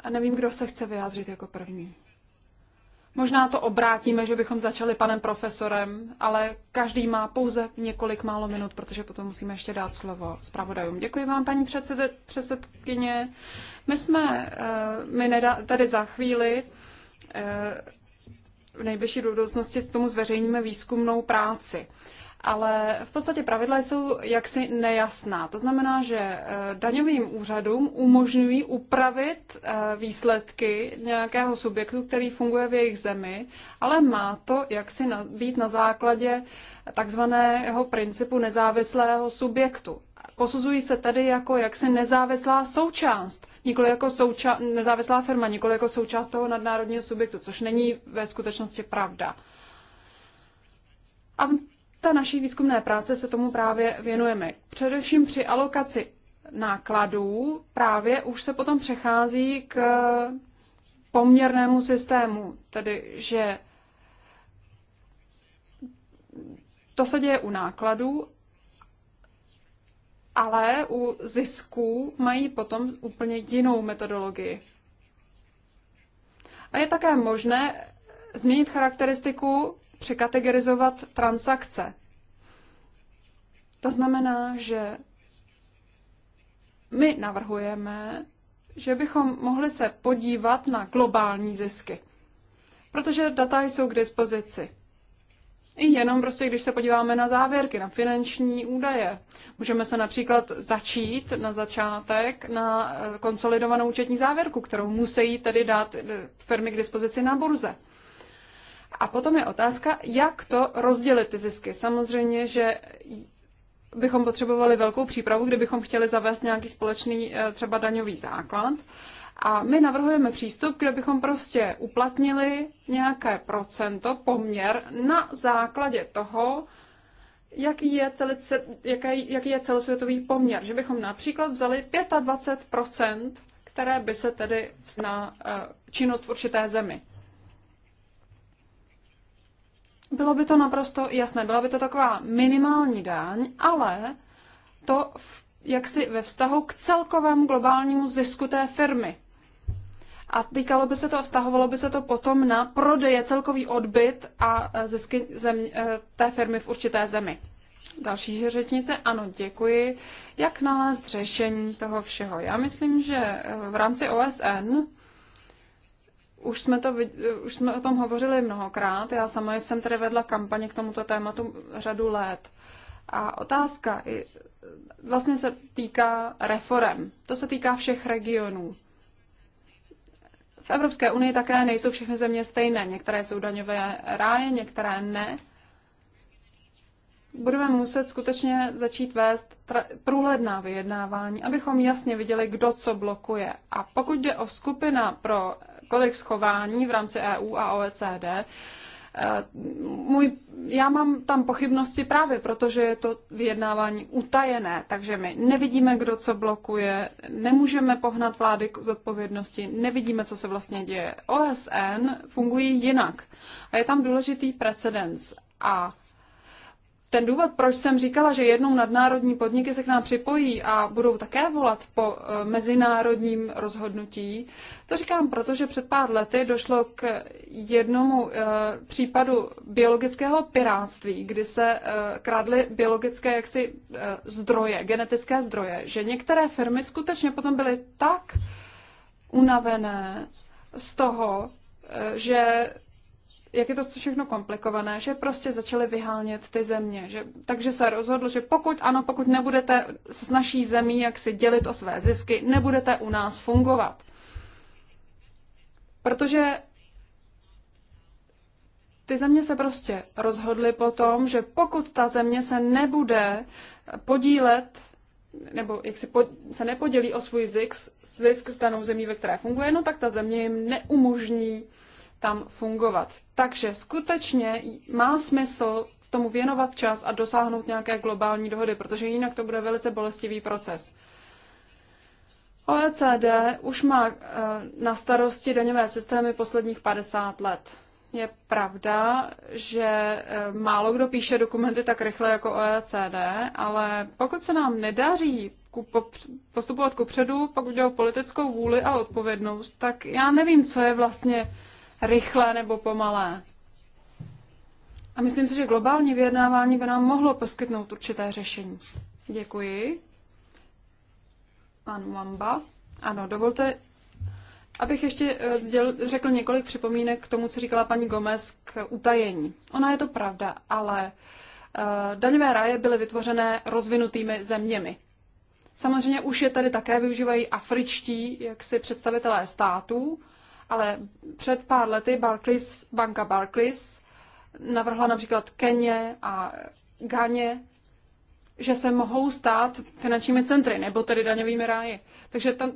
A nevím, kdo se chce vyjádřit jako první. Možná to obrátíme, že bychom začali panem profesorem, ale každý má pouze několik málo minut, protože potom musíme ještě dát slovo zpravodajům. Děkuji vám, paní předsed, předsedkyně. My jsme eh, my nedá, tady za chvíli eh, v nejbližší budoucnosti k tomu zveřejníme výzkumnou práci ale v podstatě pravidla jsou jaksi nejasná. To znamená, že eh, daňovým úřadům umožňují upravit eh, výsledky nějakého subjektu, který funguje v jejich zemi, ale má to jaksi být na základě takzvaného principu nezávislého subjektu. Posuzují se tedy jako jaksi nezávislá součást, nikoli jako souča- nezávislá firma, nikoli jako součást toho nadnárodního subjektu, což není ve skutečnosti pravda. A ta naší výzkumné práce se tomu právě věnujeme. Především při alokaci nákladů právě už se potom přechází k poměrnému systému, tedy že to se děje u nákladů, ale u zisků mají potom úplně jinou metodologii. A je také možné změnit charakteristiku překategorizovat transakce. To znamená, že my navrhujeme, že bychom mohli se podívat na globální zisky, protože data jsou k dispozici. I jenom prostě, když se podíváme na závěrky, na finanční údaje. Můžeme se například začít na začátek na eh, konsolidovanou účetní závěrku, kterou musí tedy dát eh, firmy k dispozici na burze. A potom je otázka, jak to rozdělit ty zisky. Samozřejmě, že bychom potřebovali velkou přípravu, kdybychom chtěli zavést nějaký společný eh, třeba daňový základ. A my navrhujeme přístup, kde bychom prostě uplatnili nějaké procento, poměr na základě toho, jaký je, celý, jaký, jaký je celosvětový poměr. Že bychom například vzali 25%, které by se tedy na eh, činnost v určité zemi bylo by to naprosto jasné, byla by to taková minimální daň, ale to v, jaksi ve vztahu k celkovému globálnímu zisku té firmy. A týkalo by se to, vztahovalo by se to potom na prodeje, celkový odbyt a e, zisky země, e, té firmy v určité zemi. Další řečnice, ano, děkuji. Jak nalézt řešení toho všeho? Já myslím, že e, v rámci OSN už jsme, to, už jsme o tom hovořili mnohokrát. Já sama jsem tedy vedla kampaně k tomuto tématu řadu let. A otázka vlastně se týká reform. To se týká všech regionů. V Evropské unii také nejsou všechny země stejné. Některé jsou daňové ráje, některé ne. Budeme muset skutečně začít vést průhledná vyjednávání, abychom jasně viděli, kdo co blokuje. A pokud jde o skupina pro kodex chování v rámci EU a OECD, eh, můj, já mám tam pochybnosti právě, protože je to vyjednávání utajené, takže my nevidíme, kdo co blokuje, nemůžeme pohnat vlády k zodpovědnosti, nevidíme, co se vlastně děje. OSN fungují jinak a je tam důležitý precedens a ten důvod, proč jsem říkala, že jednou nadnárodní podniky se k nám připojí a budou také volat po eh, mezinárodním rozhodnutí, to říkám proto, že před pár lety došlo k jednomu eh, případu biologického piráctví, kdy se eh, kradly biologické jaksi zdroje, genetické zdroje, že některé firmy skutečně potom byly tak unavené z toho, že jak je to všechno komplikované, že prostě začaly vyhánět ty země. Že, takže se rozhodl, že pokud ano, pokud nebudete s naší zemí jak si dělit o své zisky, nebudete u nás fungovat. Protože ty země se prostě rozhodly potom, že pokud ta země se nebude podílet nebo jak si po, se nepodělí o svůj zisk, zisk s danou zemí, ve které funguje, no tak ta země jim neumožní tam fungovat. Takže skutečně má smysl tomu věnovat čas a dosáhnout nějaké globální dohody, protože jinak to bude velice bolestivý proces. OECD už má eh, na starosti daňové systémy posledních 50 let. Je pravda, že eh, málo kdo píše dokumenty tak rychle jako OECD, ale pokud se nám nedaří postupovat kupředu, pokud jde o politickou vůli a odpovědnost, tak já nevím, co je vlastně rychlé nebo pomalé. A myslím si, že globální vyjednávání by nám mohlo poskytnout určité řešení. Děkuji. Pan Mamba. Ano, dovolte, abych ještě eh, sděl, řekl několik připomínek k tomu, co říkala paní Gomez k utajení. Ona je to pravda, ale eh, daňové ráje byly vytvořené rozvinutými zeměmi. Samozřejmě už je tady také využívají afričtí jak si představitelé států, ale před pár lety Barclays, banka Barclays navrhla například Keně a Ghaně, že se mohou stát finančními centry, nebo tedy daňovými ráji. Takže tam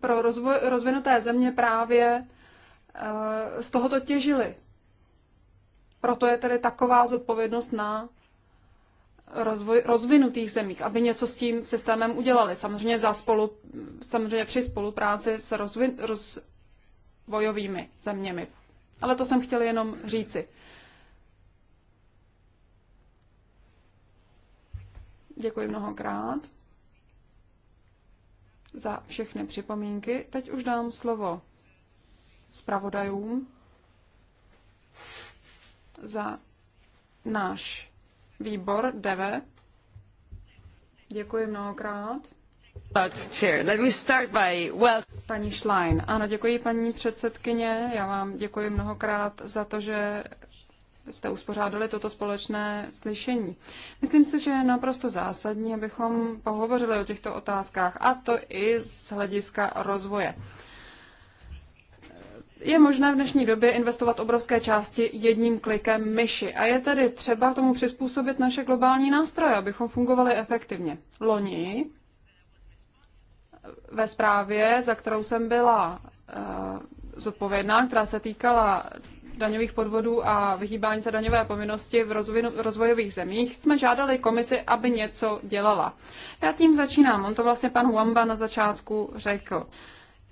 pro rozvoj, rozvinuté země právě eh, z tohoto těžili. Proto je tedy taková zodpovědnost na rozvoj, rozvinutých zemích, aby něco s tím systémem udělali. Samozřejmě, za spolu, samozřejmě při spolupráci s rozvin, rozvojovými zeměmi. Ale to jsem chtěl jenom říci. Děkuji mnohokrát za všechny připomínky. Teď už dám slovo zpravodajům za náš výbor DEVE. Děkuji mnohokrát. Paní Schlein, ano, děkuji paní předsedkyně. Já vám děkuji mnohokrát za to, že jste uspořádali toto společné slyšení. Myslím si, že je naprosto zásadní, abychom pohovořili o těchto otázkách, a to i z hlediska rozvoje je možné v dnešní době investovat obrovské části jedním klikem myši a je tedy třeba tomu přizpůsobit naše globální nástroje, abychom fungovali efektivně. Loni ve zprávě, za kterou jsem byla uh, zodpovědná, která se týkala daňových podvodů a vyhýbání se daňové povinnosti v rozvojových zemích, jsme žádali komisi, aby něco dělala. Já tím začínám. On to vlastně pan Huamba na začátku řekl. Uh,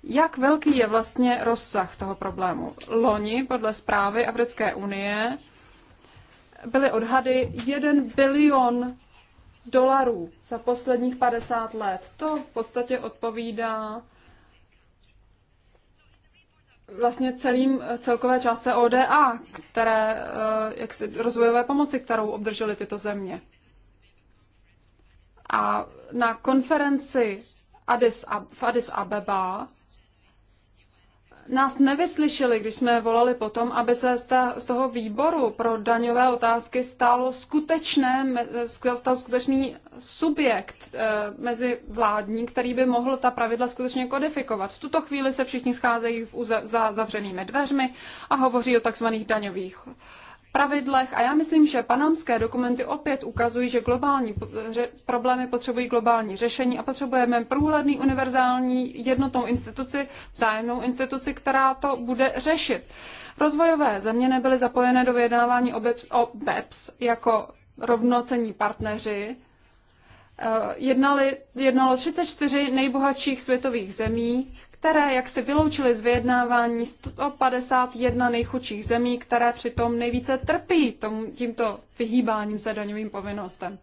jak velký je vlastně rozsah toho problému? Loni podle zprávy Africké unie byly odhady 1 bilion dolarů za posledních 50 let. To v podstatě odpovídá vlastně celým celkové částce ODA, které, eh, jak si, rozvojové pomoci, kterou obdržely tyto země. A na konferenci Addis, v Addis Abeba nás nevyslyšeli, když jsme volali potom, aby se z toho výboru pro daňové otázky stálo skutečné, stal skutečný subjekt eh, mezi vládní, který by mohl ta pravidla skutečně kodifikovat. V tuto chvíli se všichni scházejí v uze- za zavřenými dveřmi a hovoří o takzvaných daňových pravidlech a já myslím, že panamské dokumenty opět ukazují, že globální problémy potřebují globální řešení a potřebujeme průhledný, univerzální, jednotnou instituci, vzájemnou instituci, která to bude řešit. Rozvojové země nebyly zapojené do vyjednávání o BEPS e jako rovnocení partneři. Eh, jednali, jednalo 34 nejbohatších světových zemí, které jak se vyloučily z vyjednávání 151 nejchudších zemí, které přitom nejvíce trpí tom, tímto vyhýbáním se daňovým povinnostem.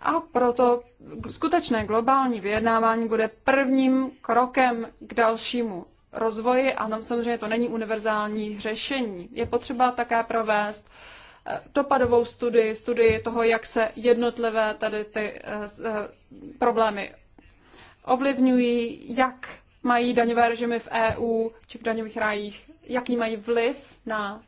A proto skutečné globální vyjednávání bude prvním krokem k dalšímu rozvoji a tam samozřejmě to není univerzální řešení. Je potřeba také provést eh, dopadovou studii, studii toho, jak se jednotlivé tady ty eh, eh, problémy ovlivňují, jak mají daňové režimy v EU či v daňových rájích, jaký mají vliv na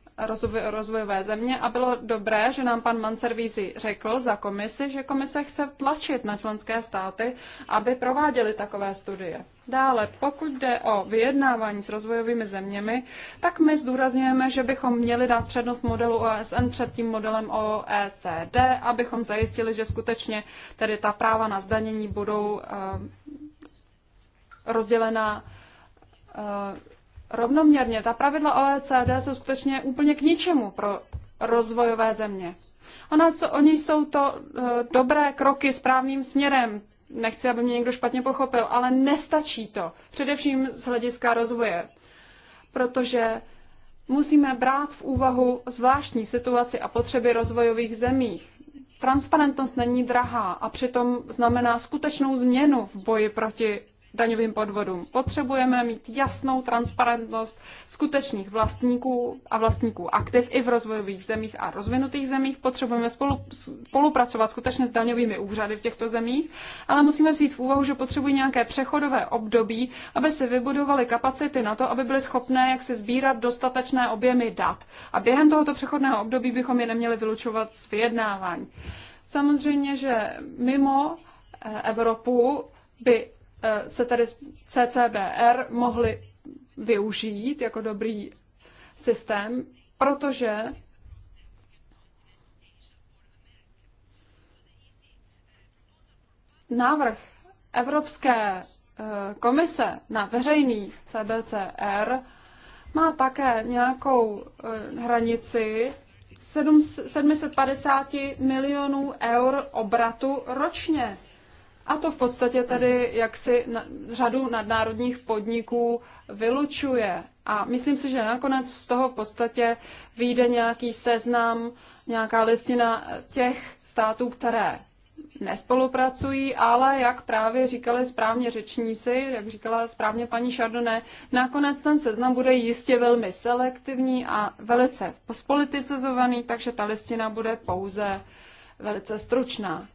rozvojové země a bylo dobré, že nám pan Manservízi řekl za komisi, že komise chce tlačit na členské státy, aby prováděly takové studie. Dále, pokud jde o vyjednávání s rozvojovými zeměmi, tak my zdůrazňujeme, že bychom měli dát přednost modelu OSN před tím modelem OECD, abychom zajistili, že skutečně tedy ta práva na zdanění budou uh, rozdělena eh, rovnoměrně. Ta pravidla OECD jsou skutečně úplně k ničemu pro rozvojové země. Ona, oni jsou to eh, dobré kroky správným směrem. Nechci, aby mě někdo špatně pochopil, ale nestačí to. Především z hlediska rozvoje. Protože musíme brát v úvahu zvláštní situaci a potřeby rozvojových zemí. Transparentnost není drahá a přitom znamená skutečnou změnu v boji proti daňovým podvodům. Potřebujeme mít jasnou transparentnost skutečných vlastníků a vlastníků aktiv i v rozvojových zemích a rozvinutých zemích. Potřebujeme spolu, spolupracovat skutečně s daňovými úřady v těchto zemích, ale musíme vzít v úvahu, že potřebují nějaké přechodové období, aby se vybudovaly kapacity na to, aby byly schopné jak se sbírat dostatečné objemy dat. A během tohoto přechodného období bychom je neměli vylučovat z vyjednávání. Samozřejmě, že mimo eh, Evropu by Eh, se tedy CCBR mohli využít jako dobrý systém, protože návrh Evropské eh, komise na veřejný CBCR má také nějakou eh, hranici 750 milionů eur obratu ročně. A to v podstatě tady jaksi na, řadu nadnárodních podniků vylučuje. A myslím si, že nakonec z toho v podstatě vyjde nějaký seznam, nějaká listina těch států, které nespolupracují, ale jak právě říkali správně řečníci, jak říkala správně paní Chardonnay, nakonec ten seznam bude jistě velmi selektivní a velice spolitizovaný, takže ta listina bude pouze velice stručná.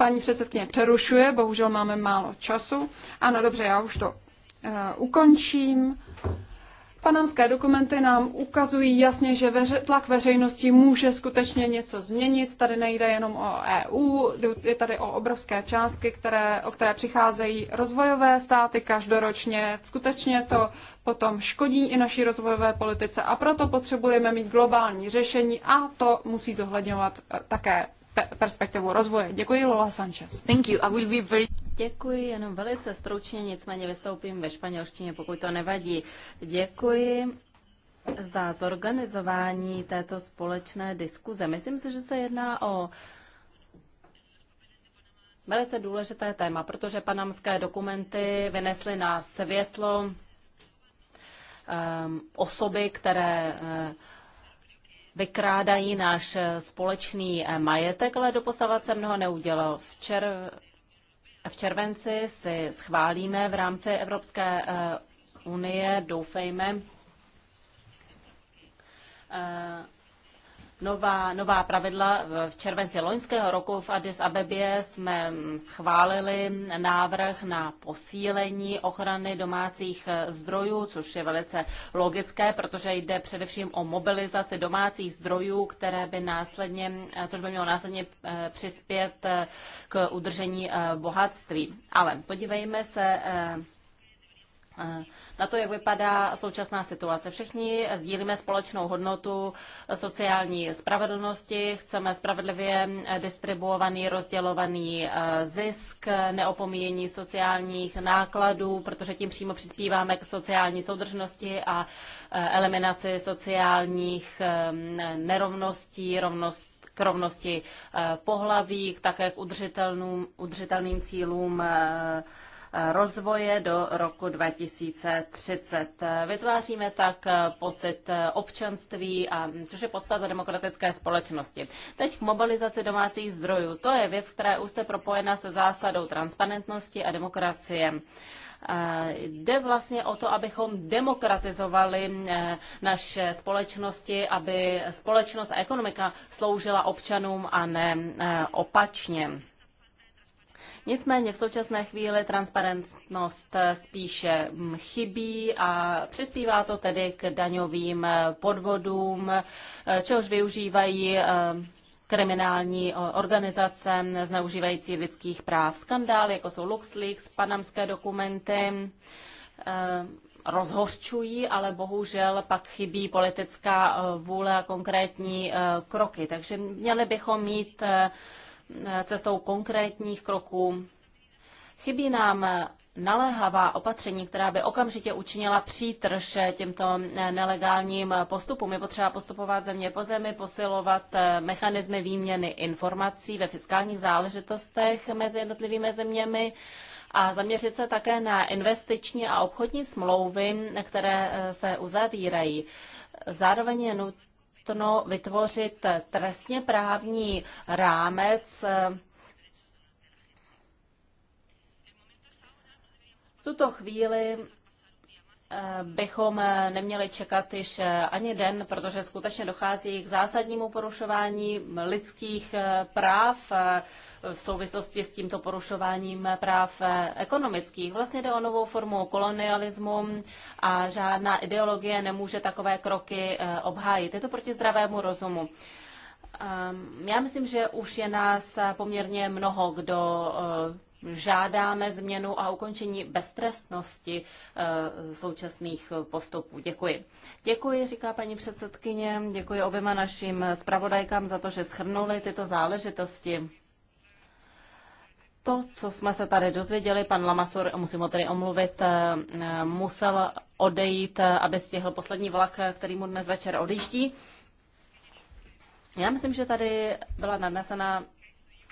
Paní předsedkyně přerušuje, bohužel máme málo času. Ano, dobře, já už to uh, ukončím. Panamské dokumenty nám ukazují jasně, že veře, tlak veřejnosti může skutečně něco změnit. Tady nejde jenom o EU, je tady o obrovské částky, které, o které přicházejí rozvojové státy každoročně. Skutečně to potom škodí i naší rozvojové politice a proto potřebujeme mít globální řešení a to musí zohledňovat také perspektivu rozvoje. Děkuji, Lola Sanchez. Thank you. I will be very... Děkuji, jenom velice stručně, nicméně vystoupím ve španělštině, pokud to nevadí. Děkuji za zorganizování této společné diskuze. Myslím si, že se jedná o velice důležité téma, protože panamské dokumenty vynesly na světlo um, osoby, které uh, vykrádají náš eh, společný eh, majetek, ale doposavat se mnoho neudělal. V, čer... v červenci si schválíme v rámci Evropské eh, unie, doufejme, nová, nová pravidla. V červenci loňského roku v Addis Abebě jsme schválili návrh na posílení ochrany domácích eh, zdrojů, což je velice logické, protože jde především o mobilizaci domácích zdrojů, které by následně, eh, což by mělo následně eh, přispět k udržení bohatství. Ale podívejme se Eh, na to, jak vypadá současná situace. Všichni sdílíme společnou hodnotu sociální spravedlnosti, chceme spravedlivě distribuovaný, rozdělovaný eh, zisk, neopomíjení sociálních nákladů, protože tím přímo přispíváme k sociální soudržnosti a eh, eliminaci sociálních nerovností, rovnost k rovnosti pohlaví, také k udržitelným, udržitelným cílům rozvoje do roku 2030. Vytváříme tak pocit občanství, a, což je podstata demokratické společnosti. Teď k mobilizaci domácích zdrojů. To je věc, která je úzce propojena se zásadou transparentnosti a demokracie. Jde vlastně o to, abychom demokratizovali e, naše společnosti, aby společnost a ekonomika sloužila občanům a ne e, opačně. Nicméně v současné chvíli transparentnost spíše mm, chybí a přispívá to tedy k daňovým eh, podvodům, eh, čehož využívají eh, kriminální organizace zneužívající lidských práv. Skandál, jako jsou LuxLeaks, panamské dokumenty, rozhořčují, ale bohužel pak chybí politická vůle a konkrétní kroky. Takže měli bychom mít cestou konkrétních kroků. Chybí nám naléhavá opatření, která by okamžitě učinila přítrž těmto nelegálním postupům. Je potřeba postupovat země po zemi, posilovat mechanismy výměny informací ve fiskálních záležitostech mezi jednotlivými zeměmi a zaměřit se také na investiční a obchodní smlouvy, které se uzavírají. Zároveň je nutné nutno vytvořit trestně právní rámec v tuto chvíli bychom eh, neměli čekat již eh, ani den, protože skutečně dochází k zásadnímu porušování lidských eh, práv v souvislosti s tímto porušováním práv ekonomických. Vlastně jde o novou formu kolonialismu a žádná ideologie nemůže takové kroky obhájit. Je to proti zdravému rozumu. Ehm, já myslím, že už je nás poměrně mnoho, kdo žádáme změnu a ukončení beztrestnosti eh, současných postupů. Děkuji. Děkuji, říká paní předsedkyně, děkuji oběma našim zpravodajkám za to, že schrnuli tyto záležitosti. To, co jsme se tady dozvěděli, pan Lamasur, musím ho tedy omluvit, eh, musel odejít, eh, aby stihl poslední vlak, který mu dnes večer odjíždí. Já myslím, že tady byla nadnesena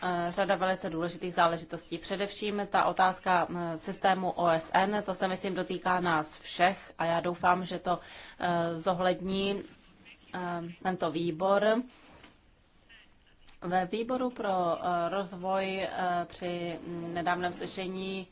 Eh, řada velice důležitých záležitostí. Především ta otázka eh, systému OSN, to se myslím dotýká nás všech a já doufám, že to eh, zohlední tento výbor. Ve výboru pro rozvoj při nedávném slyšení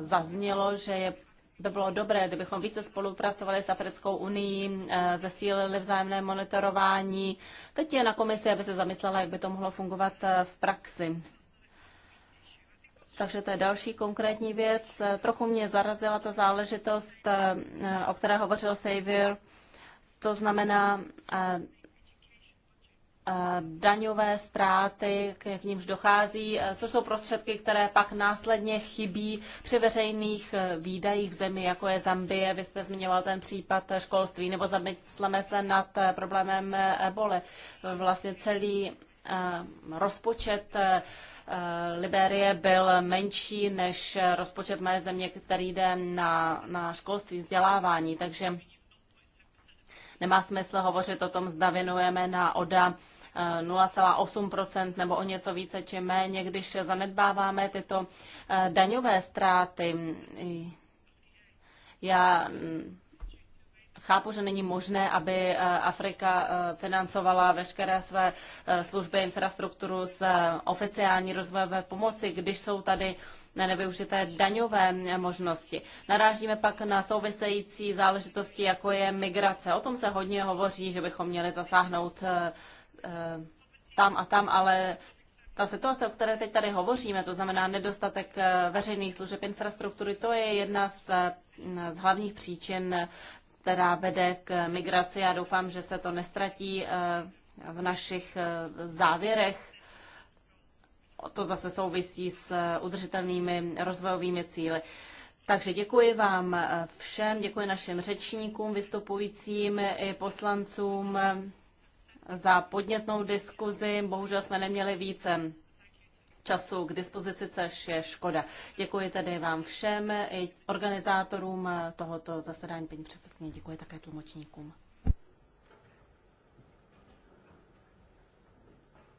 zaznělo, že je by bylo dobré, kdybychom více spolupracovali s Africkou unii, eh, zesílili vzájemné monitorování. Teď je na komisi, aby se zamyslela, jak by to mohlo fungovat eh, v praxi. Takže to je další konkrétní věc. Eh, trochu mě zarazila ta záležitost, o které hovořil Xavier. To znamená Eh, daňové ztráty, k nímž dochází, eh, což jsou prostředky, které pak následně chybí při veřejných eh, výdajích v zemi, jako je Zambie, vy jste zmiňoval ten případ školství, nebo zamysleme se nad problémem ebole. Vlastně celý rozpočet Liberie byl menší než rozpočet mé země, který jde na, na školství, vzdělávání, takže nemá smysl hovořit o tom, zda věnujeme na ODA 0,8 nebo o něco více či méně, když zanedbáváme tyto eh, daňové ztráty. Já mm, Chápu, že není možné, aby eh, Afrika eh, financovala veškeré své služby, infrastrukturu z oficiální rozvojové pomoci, když jsou tady na nevyužité daňové možnosti. Narážíme pak na související záležitosti, jako je migrace. O tom se hodně hovoří, že bychom měli zasáhnout Eh, tam a tam, ale ta situace, o které teď tady hovoříme, to znamená nedostatek eh, veřejných služeb infrastruktury, to je jedna z, eh, z hlavních příčin, která vede k migraci. Já doufám, že se to nestratí v našich závěrech. To zase souvisí s udržitelnými rozvojovými cíly. Takže děkuji vám všem, děkuji našim řečníkům, vystupujícím i poslancům za podnětnou diskuzi. Bohužel jsme neměli více času k dispozici, což je škoda. Děkuji tedy vám všem, i organizátorům tohoto zasedání, paní předsedkyně, děkuji také tlumočníkům.